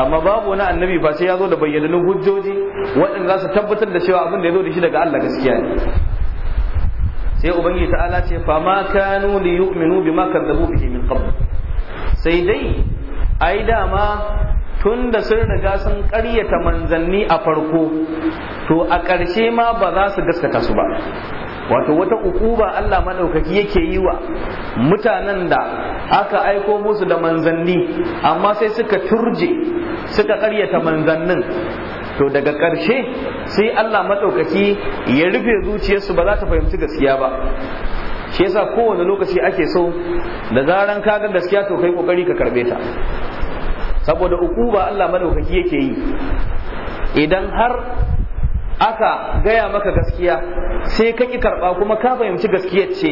amma babu wani annabi ba sai ya zo da bayyanannun hujjoji waɗanda za su tabbatar da cewa abin da ya zo da shi daga Allah gaskiya ne sai ubangiji ta'ala ce fa ma kanu li yu'minu bima kadzabu bihi min qabl sai dai ai dama tun da sun riga sun ƙaryata manzanni a farko to a ƙarshe ma ba za su gaskata su ba wato wata ukuba Allah maɗaukaki yake yi wa mutanen da aka aiko musu da manzanni amma sai suka turje suka ƙaryata manzannin to daga ƙarshe sai Allah maɗaukaki ya rufe zuciyarsu ba za ta fahimci gaskiya ba shi yasa kowane lokaci ake so da zaran ga gaskiya to kai kokari ka karbe ta saboda ukuba Allah madaukaki yake yi idan har aka gaya maka gaskiya sai ka ki karba kuma ka fahimci gaskiyar ce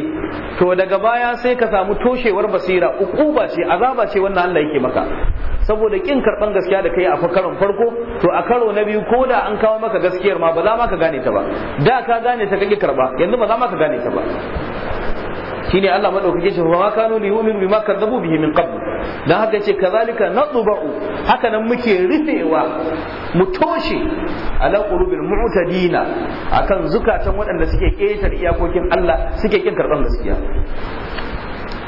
to daga baya sai ka samu toshewar basira ukuba ce azaba ce wannan Allah yake maka saboda kin karban gaskiya da kai a karon farko to a karo na biyu ko da an kawo maka gaskiyar ma ba za ma ka gane ta ba da ka gane ta kake karba yanzu ba za ma ka gane ta ba ne Allah madaukake shi fa ma kanu li yu'minu bima kadzabu bihi min qabl dan haka yace kazalika nadba'u haka nan muke rufewa mu toshe ala qulubil mu'tadina akan zukatan waɗanda suke ƙetar iyakokin Allah suke kin karban gaskiya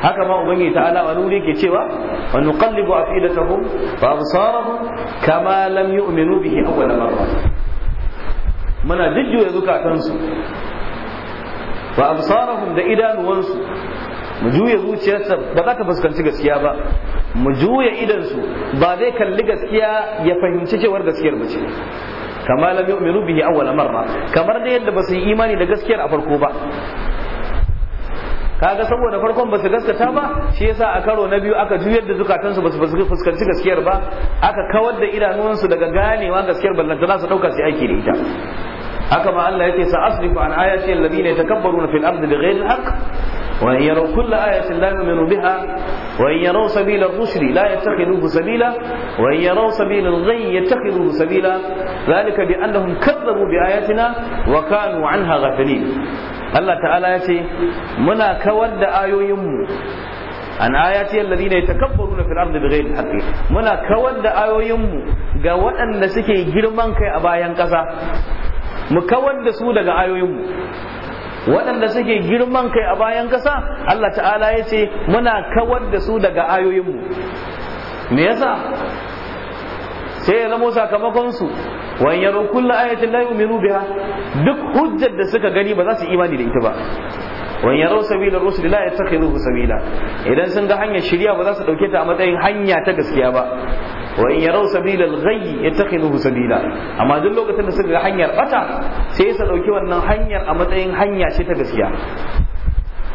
haka ma ubangiji ta'ala wani wuri ke cewa wa nuqallibu afidatahum wa absarahum kama lam yu'minu bihi awwal marra muna jujjuya zukatansu wa absarahum da idanuwansu mu juya zuciyarsa ba za ta fuskanci gaskiya ba mu juya idansu ba zai kalli gaskiya ya fahimci cewar gaskiyar ba ce kama lam yu'minu bihi awwal marra kamar da yadda ba su yi imani da gaskiyar a farko ba kaga saboda farkon ba su gaskata ba shi yasa a karo na biyu aka juyar da zukatansu su fuskanci gaskiyar ba aka kawar da idanuwansu daga ganewa gaskiyar za su dauka sai aiki da ita haka ma Allah yake sa asrifu an ayati alladhina yatakabbaruna fil ardi bighayri alhaq wa in yaraw kulla ayatin la yu'minu biha wa in yaraw sabila ar-rushd la yattakhiduhu sabila wa in yaraw sabila al-ghayy yattakhiduhu sabila dhalika bi annahum kadzabu bi ayatina wa kanu anha ghafilin Allah ta'ala ya ce muna kawar da ayoyinmu an ayati alladhina yatakabbaruna fil ardi bighayri haqqi muna kawar da ayoyinmu ga waɗanda suke girman kai a bayan ƙasa mu kawar da su daga ayoyinmu waɗanda suke girman kai a bayan ƙasa Allah ta'ala ya ce muna kawar da su daga ayoyinmu me yasa sai ya zamo sakamakon su wa yaro kullu ayatin la yu'minu biha duk hujjar da suka gani ba za su imani da ita ba wa yarau sabila rusul la yattakhiduhu sabila idan sun ga hanyar shirya ba za su ɗauke ta a matsayin hanya ta gaskiya ba wa in yarau sabila al-ghayy yattakhiduhu sabila amma duk lokacin da suka ga hanyar bata sai su dauki wannan hanyar a matsayin hanya ce ta gaskiya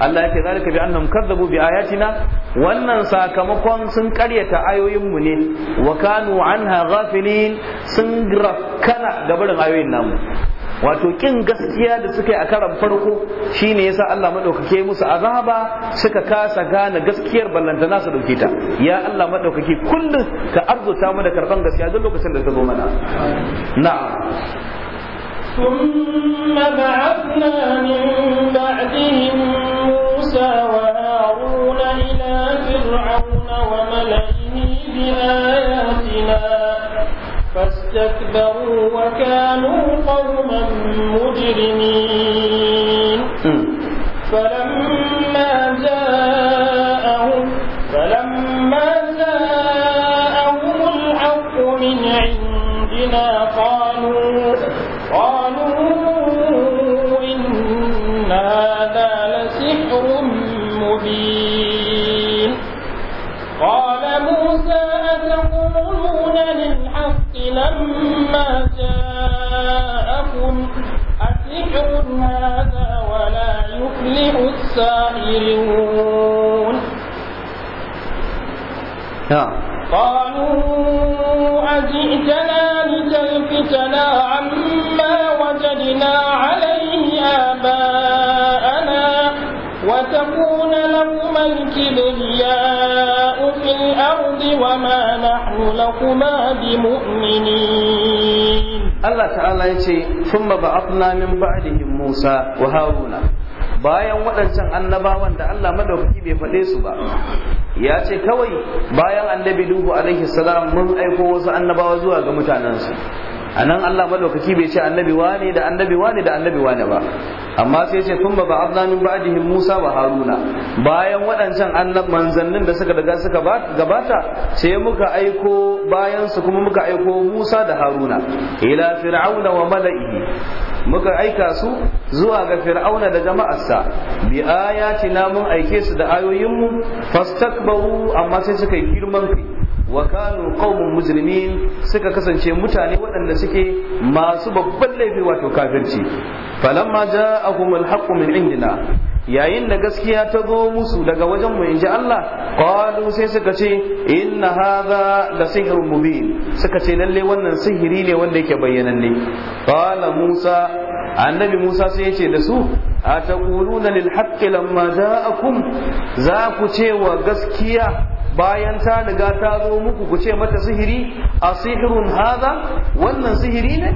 Allah ya ce zalika bi annahum kadzabu bi ayatina wannan sakamakon sun karyata ayoyin mu ne wa kanu anha ghafilin sun rakkana gabarin ayoyin namu wato kin gaskiya da suka yi a karan farko shine yasa Allah madaukake musu azaba suka kasa gane gaskiyar ballantana su dauke ta ya Allah madaukake kullum ka arzuta da karban gaskiya duk lokacin da ta zo mana na'am ثم بعثنا من بعدهم موسى وهارون إلى فرعون وملئه بآياتنا فاستكبروا وكانوا قوما مجرمين فلما جاءهم فلما جاءهم الحق من عندنا قال ما جاءكم أسحر هذا ولا يفلح الساحرون نعم. قالوا أجئتنا لتلفتنا عما وجدنا عليه آباءنا وتكون لكم الكبرياء وما نحن لكما بمؤمنين الله تعالى يتي ثم بعثنا من بعدهم موسى وهارون bayan waɗancan annabawan da Allah madaukaki bai faɗe su ba ya ce kawai bayan annabi duhu alaihi salam mun aiko wasu annabawa zuwa ga mutanensu a nan Allah madaukaki bai ce annabi wane da annabi wane da annabi wane ba amma sai ce kun ba ba'adna min ba'dihim Musa wa Haruna bayan waɗancan annab manzannin da suka daga suka gabata sai muka aiko bayan su kuma muka aiko Musa da Haruna ila fir'auna wa mala'ihi muka aika su zuwa ga fir'auna da jama'arsa bi ayatina mun aike su da ayoyin mu fastakbaru amma sai suka yi girman kai wa kanu qaumun suka kasance mutane waɗanda suke masu babban laifi wato kafirci falamma ja'ahum alhaq min indina yayin da gaskiya ta zo musu daga wajen mu inji Allah qalu sai suka ce inna hadha la sihrun mubin suka ce lalle wannan sihiri ne wanda yake bayyananne qala musa annabi musa sai yace da su a taquluna lil haqqi lamma ja'akum za ku ce wa gaskiya bayan ta riga ta zo muku ku ce mata sihiri a sihirun haza wannan sihiri ne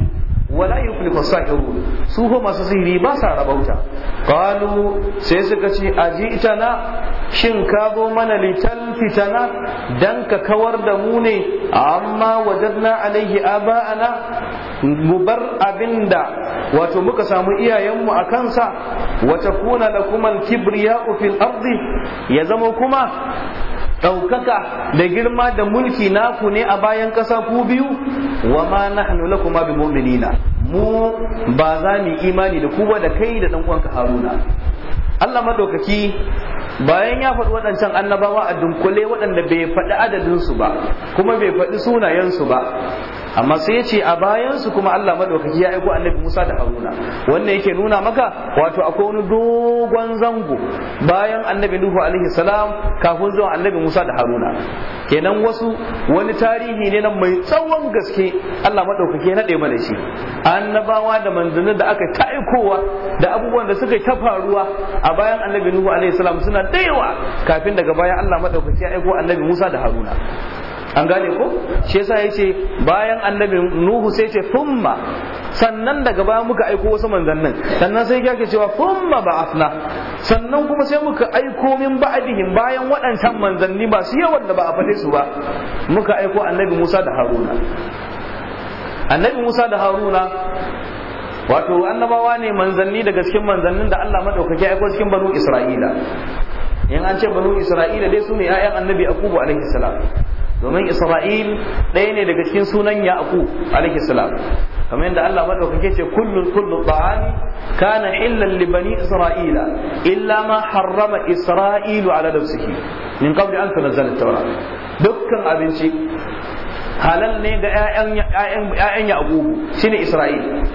wala yuflihu sahirun su ko masu sihiri ba sa rabauta qalu sai suka ce ajitana shin ka zo mana lital fitana dan ka kawar da mu ne amma wajadna alaihi aba'ana mu bar abinda wato muka samu iyayenmu a kansa wata kuna da kuma kibriya fil ardi ya zama kuma ɗaukaka da girma da mulki naku ne a bayan ƙasa ku biyu wa ma nahnu lakuma bi mu'minina mu ba za mu imani da ku ba da kai da dan uwanka Haruna Allah madaukaki bayan ya faɗi waɗancan annabawa a dunkule waɗanda bai faɗi adadinsu ba kuma bai faɗi sunayensu ba amma sai ya ce a bayansu kuma Allah maɗaukaki ya aiko annabi Musa da Haruna wannan yake nuna maka wato akwai wani dogon zango bayan annabi Nuhu alaihi salam kafin zuwa annabi Musa da Haruna kenan wasu wani tarihi ne nan mai tsawon gaske Allah maɗaukaki ya nade mana shi annabawa da manzanni da aka ta aikowa da abubuwan da suka ta faruwa a bayan annabi Nuhu alaihi salam suna da kafin daga bayan Allah madaukaki ya aiko annabi Musa da Haruna an gane ko shi yasa yace bayan annabi nuhu sai ce thumma sannan daga baya muka aiko wasu manzannin sannan sai yake cewa thumma ba'athna sannan kuma sai muka aiko min ba'dihim bayan waɗancan manzanni ba su yawan da ba a fade su ba muka aiko annabi Musa da Haruna annabi Musa da Haruna wato annabawa ne manzanni daga cikin manzannin da Allah madaukaki ya aiko cikin banu Isra'ila in an ce banu Isra'ila dai su ne 'ya'yan annabi Akubu alaihi salam domin Isra'il ɗaya ne daga cikin sunan Yaqub alaihi salam kamar yadda Allah madaukake ce kullu kullu ta'ami kana illan li bani Isra'ila illa ma harrama Isra'ilu ala nafsihi min qabli an tunzala at-taura dukkan abinci halal ne ga ƴaƴan ƴaƴan Yaqub shine Isra'il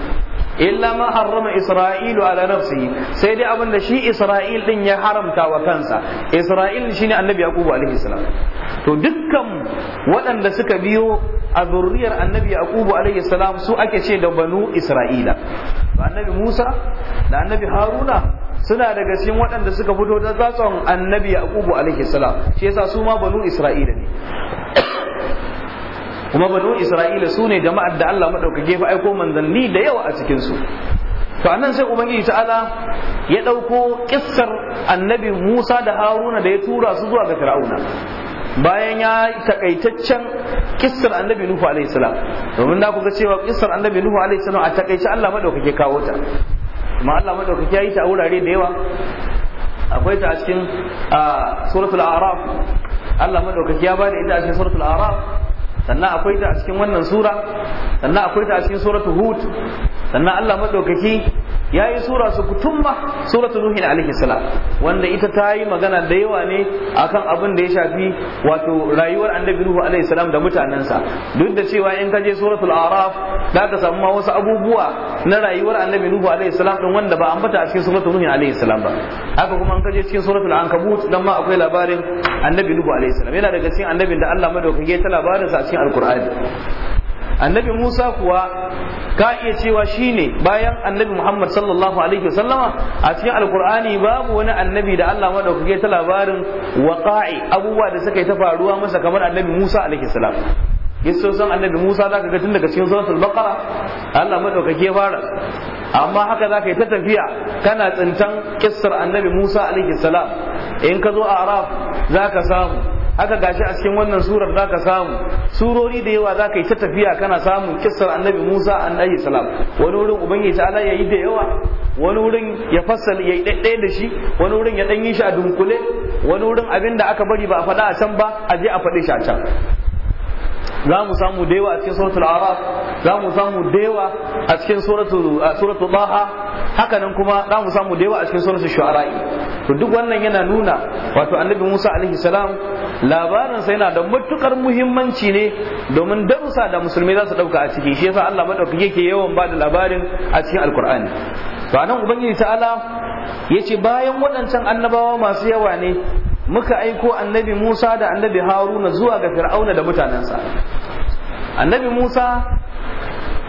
illa ma harrama isra'ilu ala nafsihi sai dai abinda shi isra'il din ya haramta wa kansa isra'il shine annabi yaqub alaihi salam to dukkan waɗanda suka biyo a zurriyar annabi yaqubu alayhi salam su ake ce da banu isra'ila annabi musa da annabi haruna suna daga cikin waɗanda suka fito da tsatson annabi yaqubu alayhi salam shi yasa su ma banu isra'ila ne kuma banu isra'ila su ne jama'ar da Allah madaukake fa aiko manzanni da yawa a cikin su to annan sai ubangiji ta'ala ya ɗauko kissar annabi musa da haruna da ya tura su zuwa ga fir'auna bayan ya takaitaccen kissar annabi nuhu alaihi salam domin na kuka cewa kissar annabi nuhu alaihi salam a takaice Allah madaukake kawo ta amma Allah madaukake yayi ta a wurare da yawa akwai ta a cikin ah, suratul a'raf Allah madaukake ya bada ita a cikin suratul a'raf sannan akwai ta a cikin wannan sura sannan akwai ta a cikin suratu hud sannan Allah madaukaki ya yi sura su kutumma suratu nuhin alaihi salam wanda ita ta yi magana da yawa ne akan abin da ya shafi wato rayuwar annabi nuhu alaihi salam da mutanensa duk da cewa in ka je suratul araf da ka samu ma wasu abubuwa na rayuwar annabi nuhu alaihi salam din wanda ba ambata a cikin suratul nuhi alaihi salam ba haka kuma in ka je cikin suratul ankabut dan ma akwai labarin annabi nuhu alaihi salam yana daga cikin annabin da Allah madaukake ta labarin sa cikin alkur'ani annabi Musa kuwa ka iya cewa shine bayan annabi Muhammad sallallahu alaihi wasallama a cikin alkur'ani babu wani annabi da Allah maɗaukake ta labarin waƙa'i abubuwa da suka yi ta faruwa masa kamar annabi Musa alaihi salam yaso annabi Musa zaka ga tun daga cikin suratul baqara Allah madaukake fara amma haka zaka yi ta tafiya kana tsintan kissar annabi Musa alaihi salam in ka zo a Araf ka samu haka gashi a cikin wannan surar zaka samu surori da yawa zaka yi ta tafiya kana samun kissar annabi Musa alaihi salam wani wurin ubangiji ta Allah yayi da yawa wani wurin ya fassal yayi daidai da shi wani wurin ya danyi shi a dunkule wani wurin abin aka bari ba a faɗa a can ba a je a faɗi shi a can za mu samu da yawa a cikin suratul araf za mu samu da yawa a cikin suratul suratul haka nan kuma za mu samu da yawa a cikin suratul shu'ara to duk wannan yana nuna wato annabi Musa alaihi salam labarinsa yana da matukar muhimmanci ne domin darusa da musulmai za su dauka a ciki shi yasa Allah madaukake yake yawan ba da labarin a cikin alkur'ani to anan ubangiji ta'ala yace bayan waɗancan annabawa masu yawa ne muka aiko annabi Musa da annabi Haruna zuwa ga Fir'auna da mutanensa annabi Musa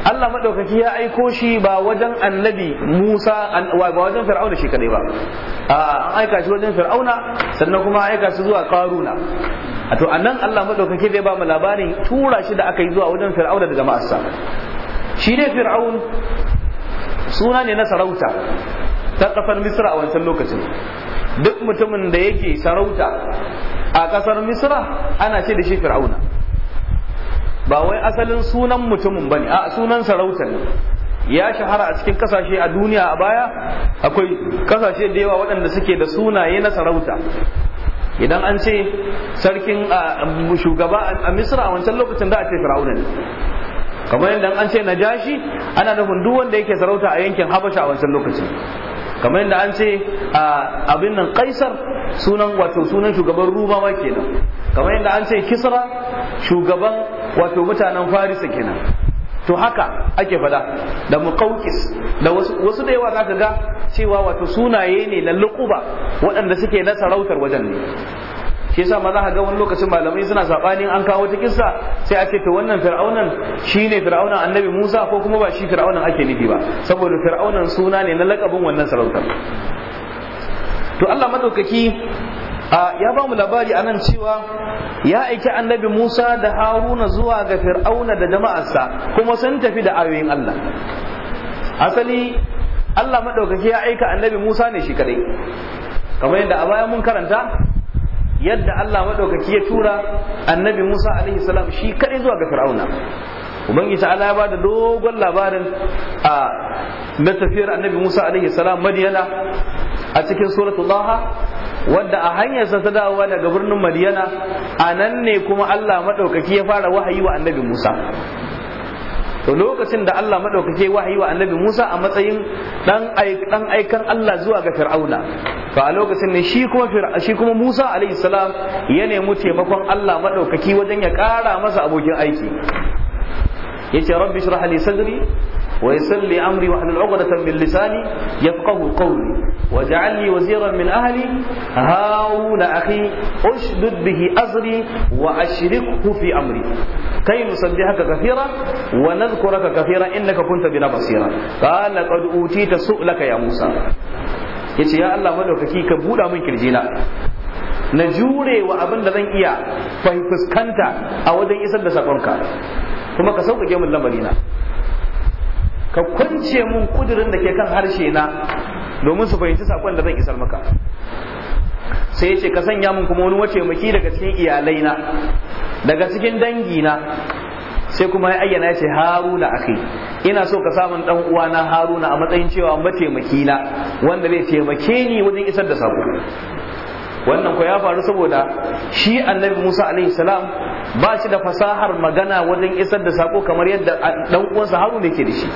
Allah maɗaukaki ya aiko shi ba wajen annabi Musa ba wajen Fir'auna shi kadai ba an aika shi wajen Fir'auna sannan kuma aika shi zuwa Karuna to anan Allah maɗaukaki zai ba mu labarin tura shi da aka yi zuwa wajen Fir'auna da jama'arsa shi ne Fir'aun suna ne na sarauta ta kasar Misra a wancan lokacin duk mutumin da yake sarauta a ƙasar Misra ana ce da shi Fir'auna ba wai asalin sunan mutumin ba ne a sunan sarauta ne ya shahara a cikin kasashe a duniya a baya akwai kasashe da yawa waɗanda suke da sunaye na sarauta idan an ce sarkin shugaba a misra a wancan lokacin da a ce firawuna ne kamar yadda an ce najashi ana nufin duk wanda yake sarauta a yankin habasha a wancan lokacin kamar yadda an ce abin nan kaisar sunan wato sunan shugaban rumawa kenan kamar yadda an ce kisra shugaban wato mutanen farisa kenan to haka ake fada da muqawqis da wasu da yawa zaka ga cewa wato sunaye ne na luquba waɗanda suke na sarautar wajen ne shi yasa ma za ka ga wani lokacin malamai suna sabanin an kawo ta kissa sai ake to wannan fir'aunan shine fir'aunan annabi Musa ko kuma ba shi fir'aunan ake nufi ba saboda fir'aunan suna ne na lakabin wannan sarauta to Allah madaukaki ya ba mu labari anan cewa ya aiki annabi Musa da Haruna zuwa ga Fir'auna da jama'arsa kuma sun tafi da ayoyin Allah asali Allah madaukaki ya aika annabi Musa ne shi kadai kamar yadda a baya mun karanta yadda Allah maɗaukaki ya tura annabi Musa alaihi salam shi kaɗai zuwa ga Fir'auna ubangiji ta'ala ya bada dogon labarin a na tafiyar annabi Musa alaihi salam Madiyana a cikin suratul Laha wadda a hanyarsa ta dawowa daga birnin Madiyana a nan ne kuma Allah maɗaukaki ya fara wahayi wa annabi Musa to lokacin da Allah madaukake wahayi wa annabi Musa a matsayin dan dan aikan Allah zuwa ga Fir'auna to a lokacin ne shi kuma shi kuma Musa alaihi salam ya nemi taimakon Allah madaukake wajen ya kara masa abokin aiki yace rabbi shrah li sadri ويسر لي أمري واحلل عقدة من لساني يفقه قولي واجعل لي وزيرا من أهلي هارون أخي أشدد به أزري وأشركه في أمري كي نسبحك كثيرا ونذكرك كثيرا إنك كنت بنا بصيرا قال قد أوتيت سؤلك يا موسى yace ya Allah madaukaki ka buɗa min kirjina na jure wa abin da zan iya fuskanta a wajen isar da sakonka kuma ka sauƙaƙe min lamarina ka kwance mun kudirin da ke kan harshe na domin su fahimci sakon da zan isar maka sai ya ce ka sanya mun kuma wani mataimaki daga cikin iyalai na daga cikin dangi na sai kuma ya ayyana ya ce haruna kai ina so ka samun dan uwana haruna a matsayin cewa mataimaki na wanda zai taimake ni wajen isar da sako wannan ko ya faru saboda shi annabi Musa alaihi salam ba shi da fasahar magana wajen isar da sako kamar yadda dan uwansa Harun yake da shi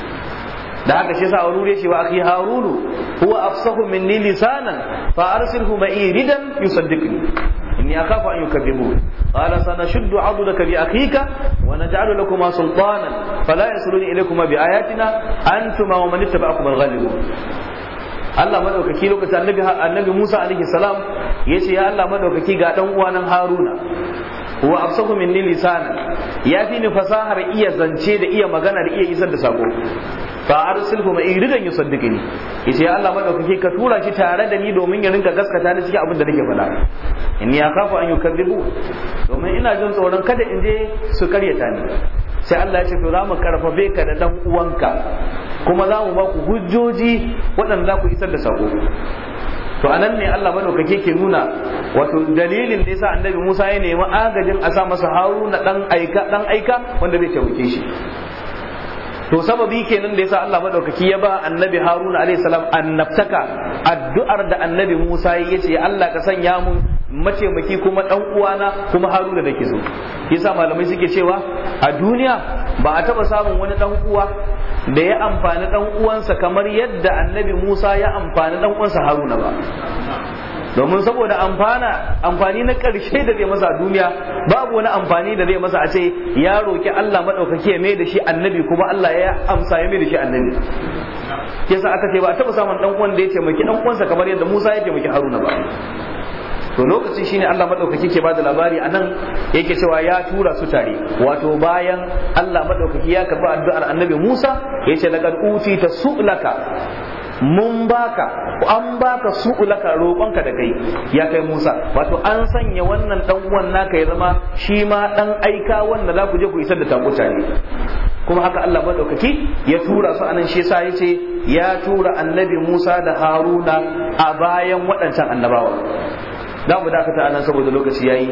da haka shi yasa aure shi wa akhi harunu huwa afsahu minni lisanan fa arsilhu ma'iridan yusaddiqni inni akhafu an yukadibu qala sanashuddu adudaka bi akhika wa naj'alu lakuma sultanan fala yasuluni ilaykuma bi ayatina antuma wa Allah madaukaki lokacin annabi annabi Musa alaihi salam yace ya Allah madaukaki ga dan uwa Haruna wa afsahu min lisana ya fi ni fasahar iya zance da iya magana da iya isar da sako fa arsilhu ma iridan yusaddiqini yace ya Allah ke ka tura shi tare da ni domin ya rinka gaskata ni cikin abin da nake faɗa inni akhafu an yukadzibu domin ina jin tsoron kada in je su karyata ni sai Allah ya ce to za mu karfafe ka da dan uwanka kuma za mu ba ku hujjoji waɗanda za ku isar da sako to anan ne Allah madaukake ke nuna wato dalilin da yasa annabi Musa ya nemi agajin a sa masa Haruna dan aika dan aika wanda zai taimake shi to sababi kenan da yasa Allah madaukaki ya ba annabi Haruna alaihi salam annabtaka addu'ar da annabi Musa ya ce ya Allah ka sanya mun mataimaki kuma dan uwana kuma Haruna da ke so yasa malamai suke cewa a duniya ba a taba samun wani dan uwa da ya amfani dan uwansa kamar yadda annabi Musa ya amfani dan uwansa Haruna ba domin saboda amfana amfani na ƙarshe da zai masa duniya babu wani amfani da zai masa a ce ya roki Allah maɗaukaki ya mai da shi annabi kuma Allah ya amsa ya mai da shi annabi yasa aka ce ba a taɓa samun ɗan uwan da ya taimaki ɗan uwansa kamar yadda Musa ya taimaki Haruna ba to lokacin shine Allah madaukaki ke bada labari anan yake cewa ya tura su tare wato bayan Allah madaukaki ya karba addu'ar annabi Musa yace laqad utita su'laka mun baka an baka su'ulaka roƙonka da kai ya kai Musa wato an sanya wannan dan uwan naka ya zama shi ma dan aika wanda za ku je ku isar da taku tare kuma haka Allah madaukaki ya tura su anan shi yasa yace ya tura annabi Musa da Haruna a bayan waɗancan annabawa za mu dakata anan saboda lokaci yayi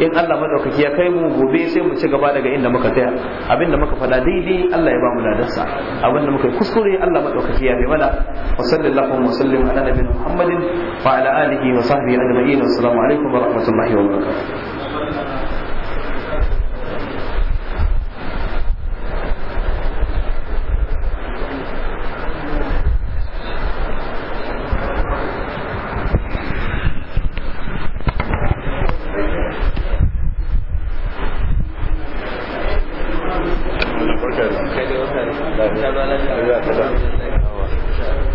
in Allah madaukaki ya kai mu gobe sai mu ci gaba daga inda muka tsaya abinda muka faɗa daidai Allah ya ba mu ladarsa abinda muka yi kuskure Allah madaukaki ya bai mana wa sallallahu wa sallim ala nabiyina Muhammadin wa ala alihi wa sahbihi ajma'in assalamu alaikum wa rahmatullahi wa barakatuh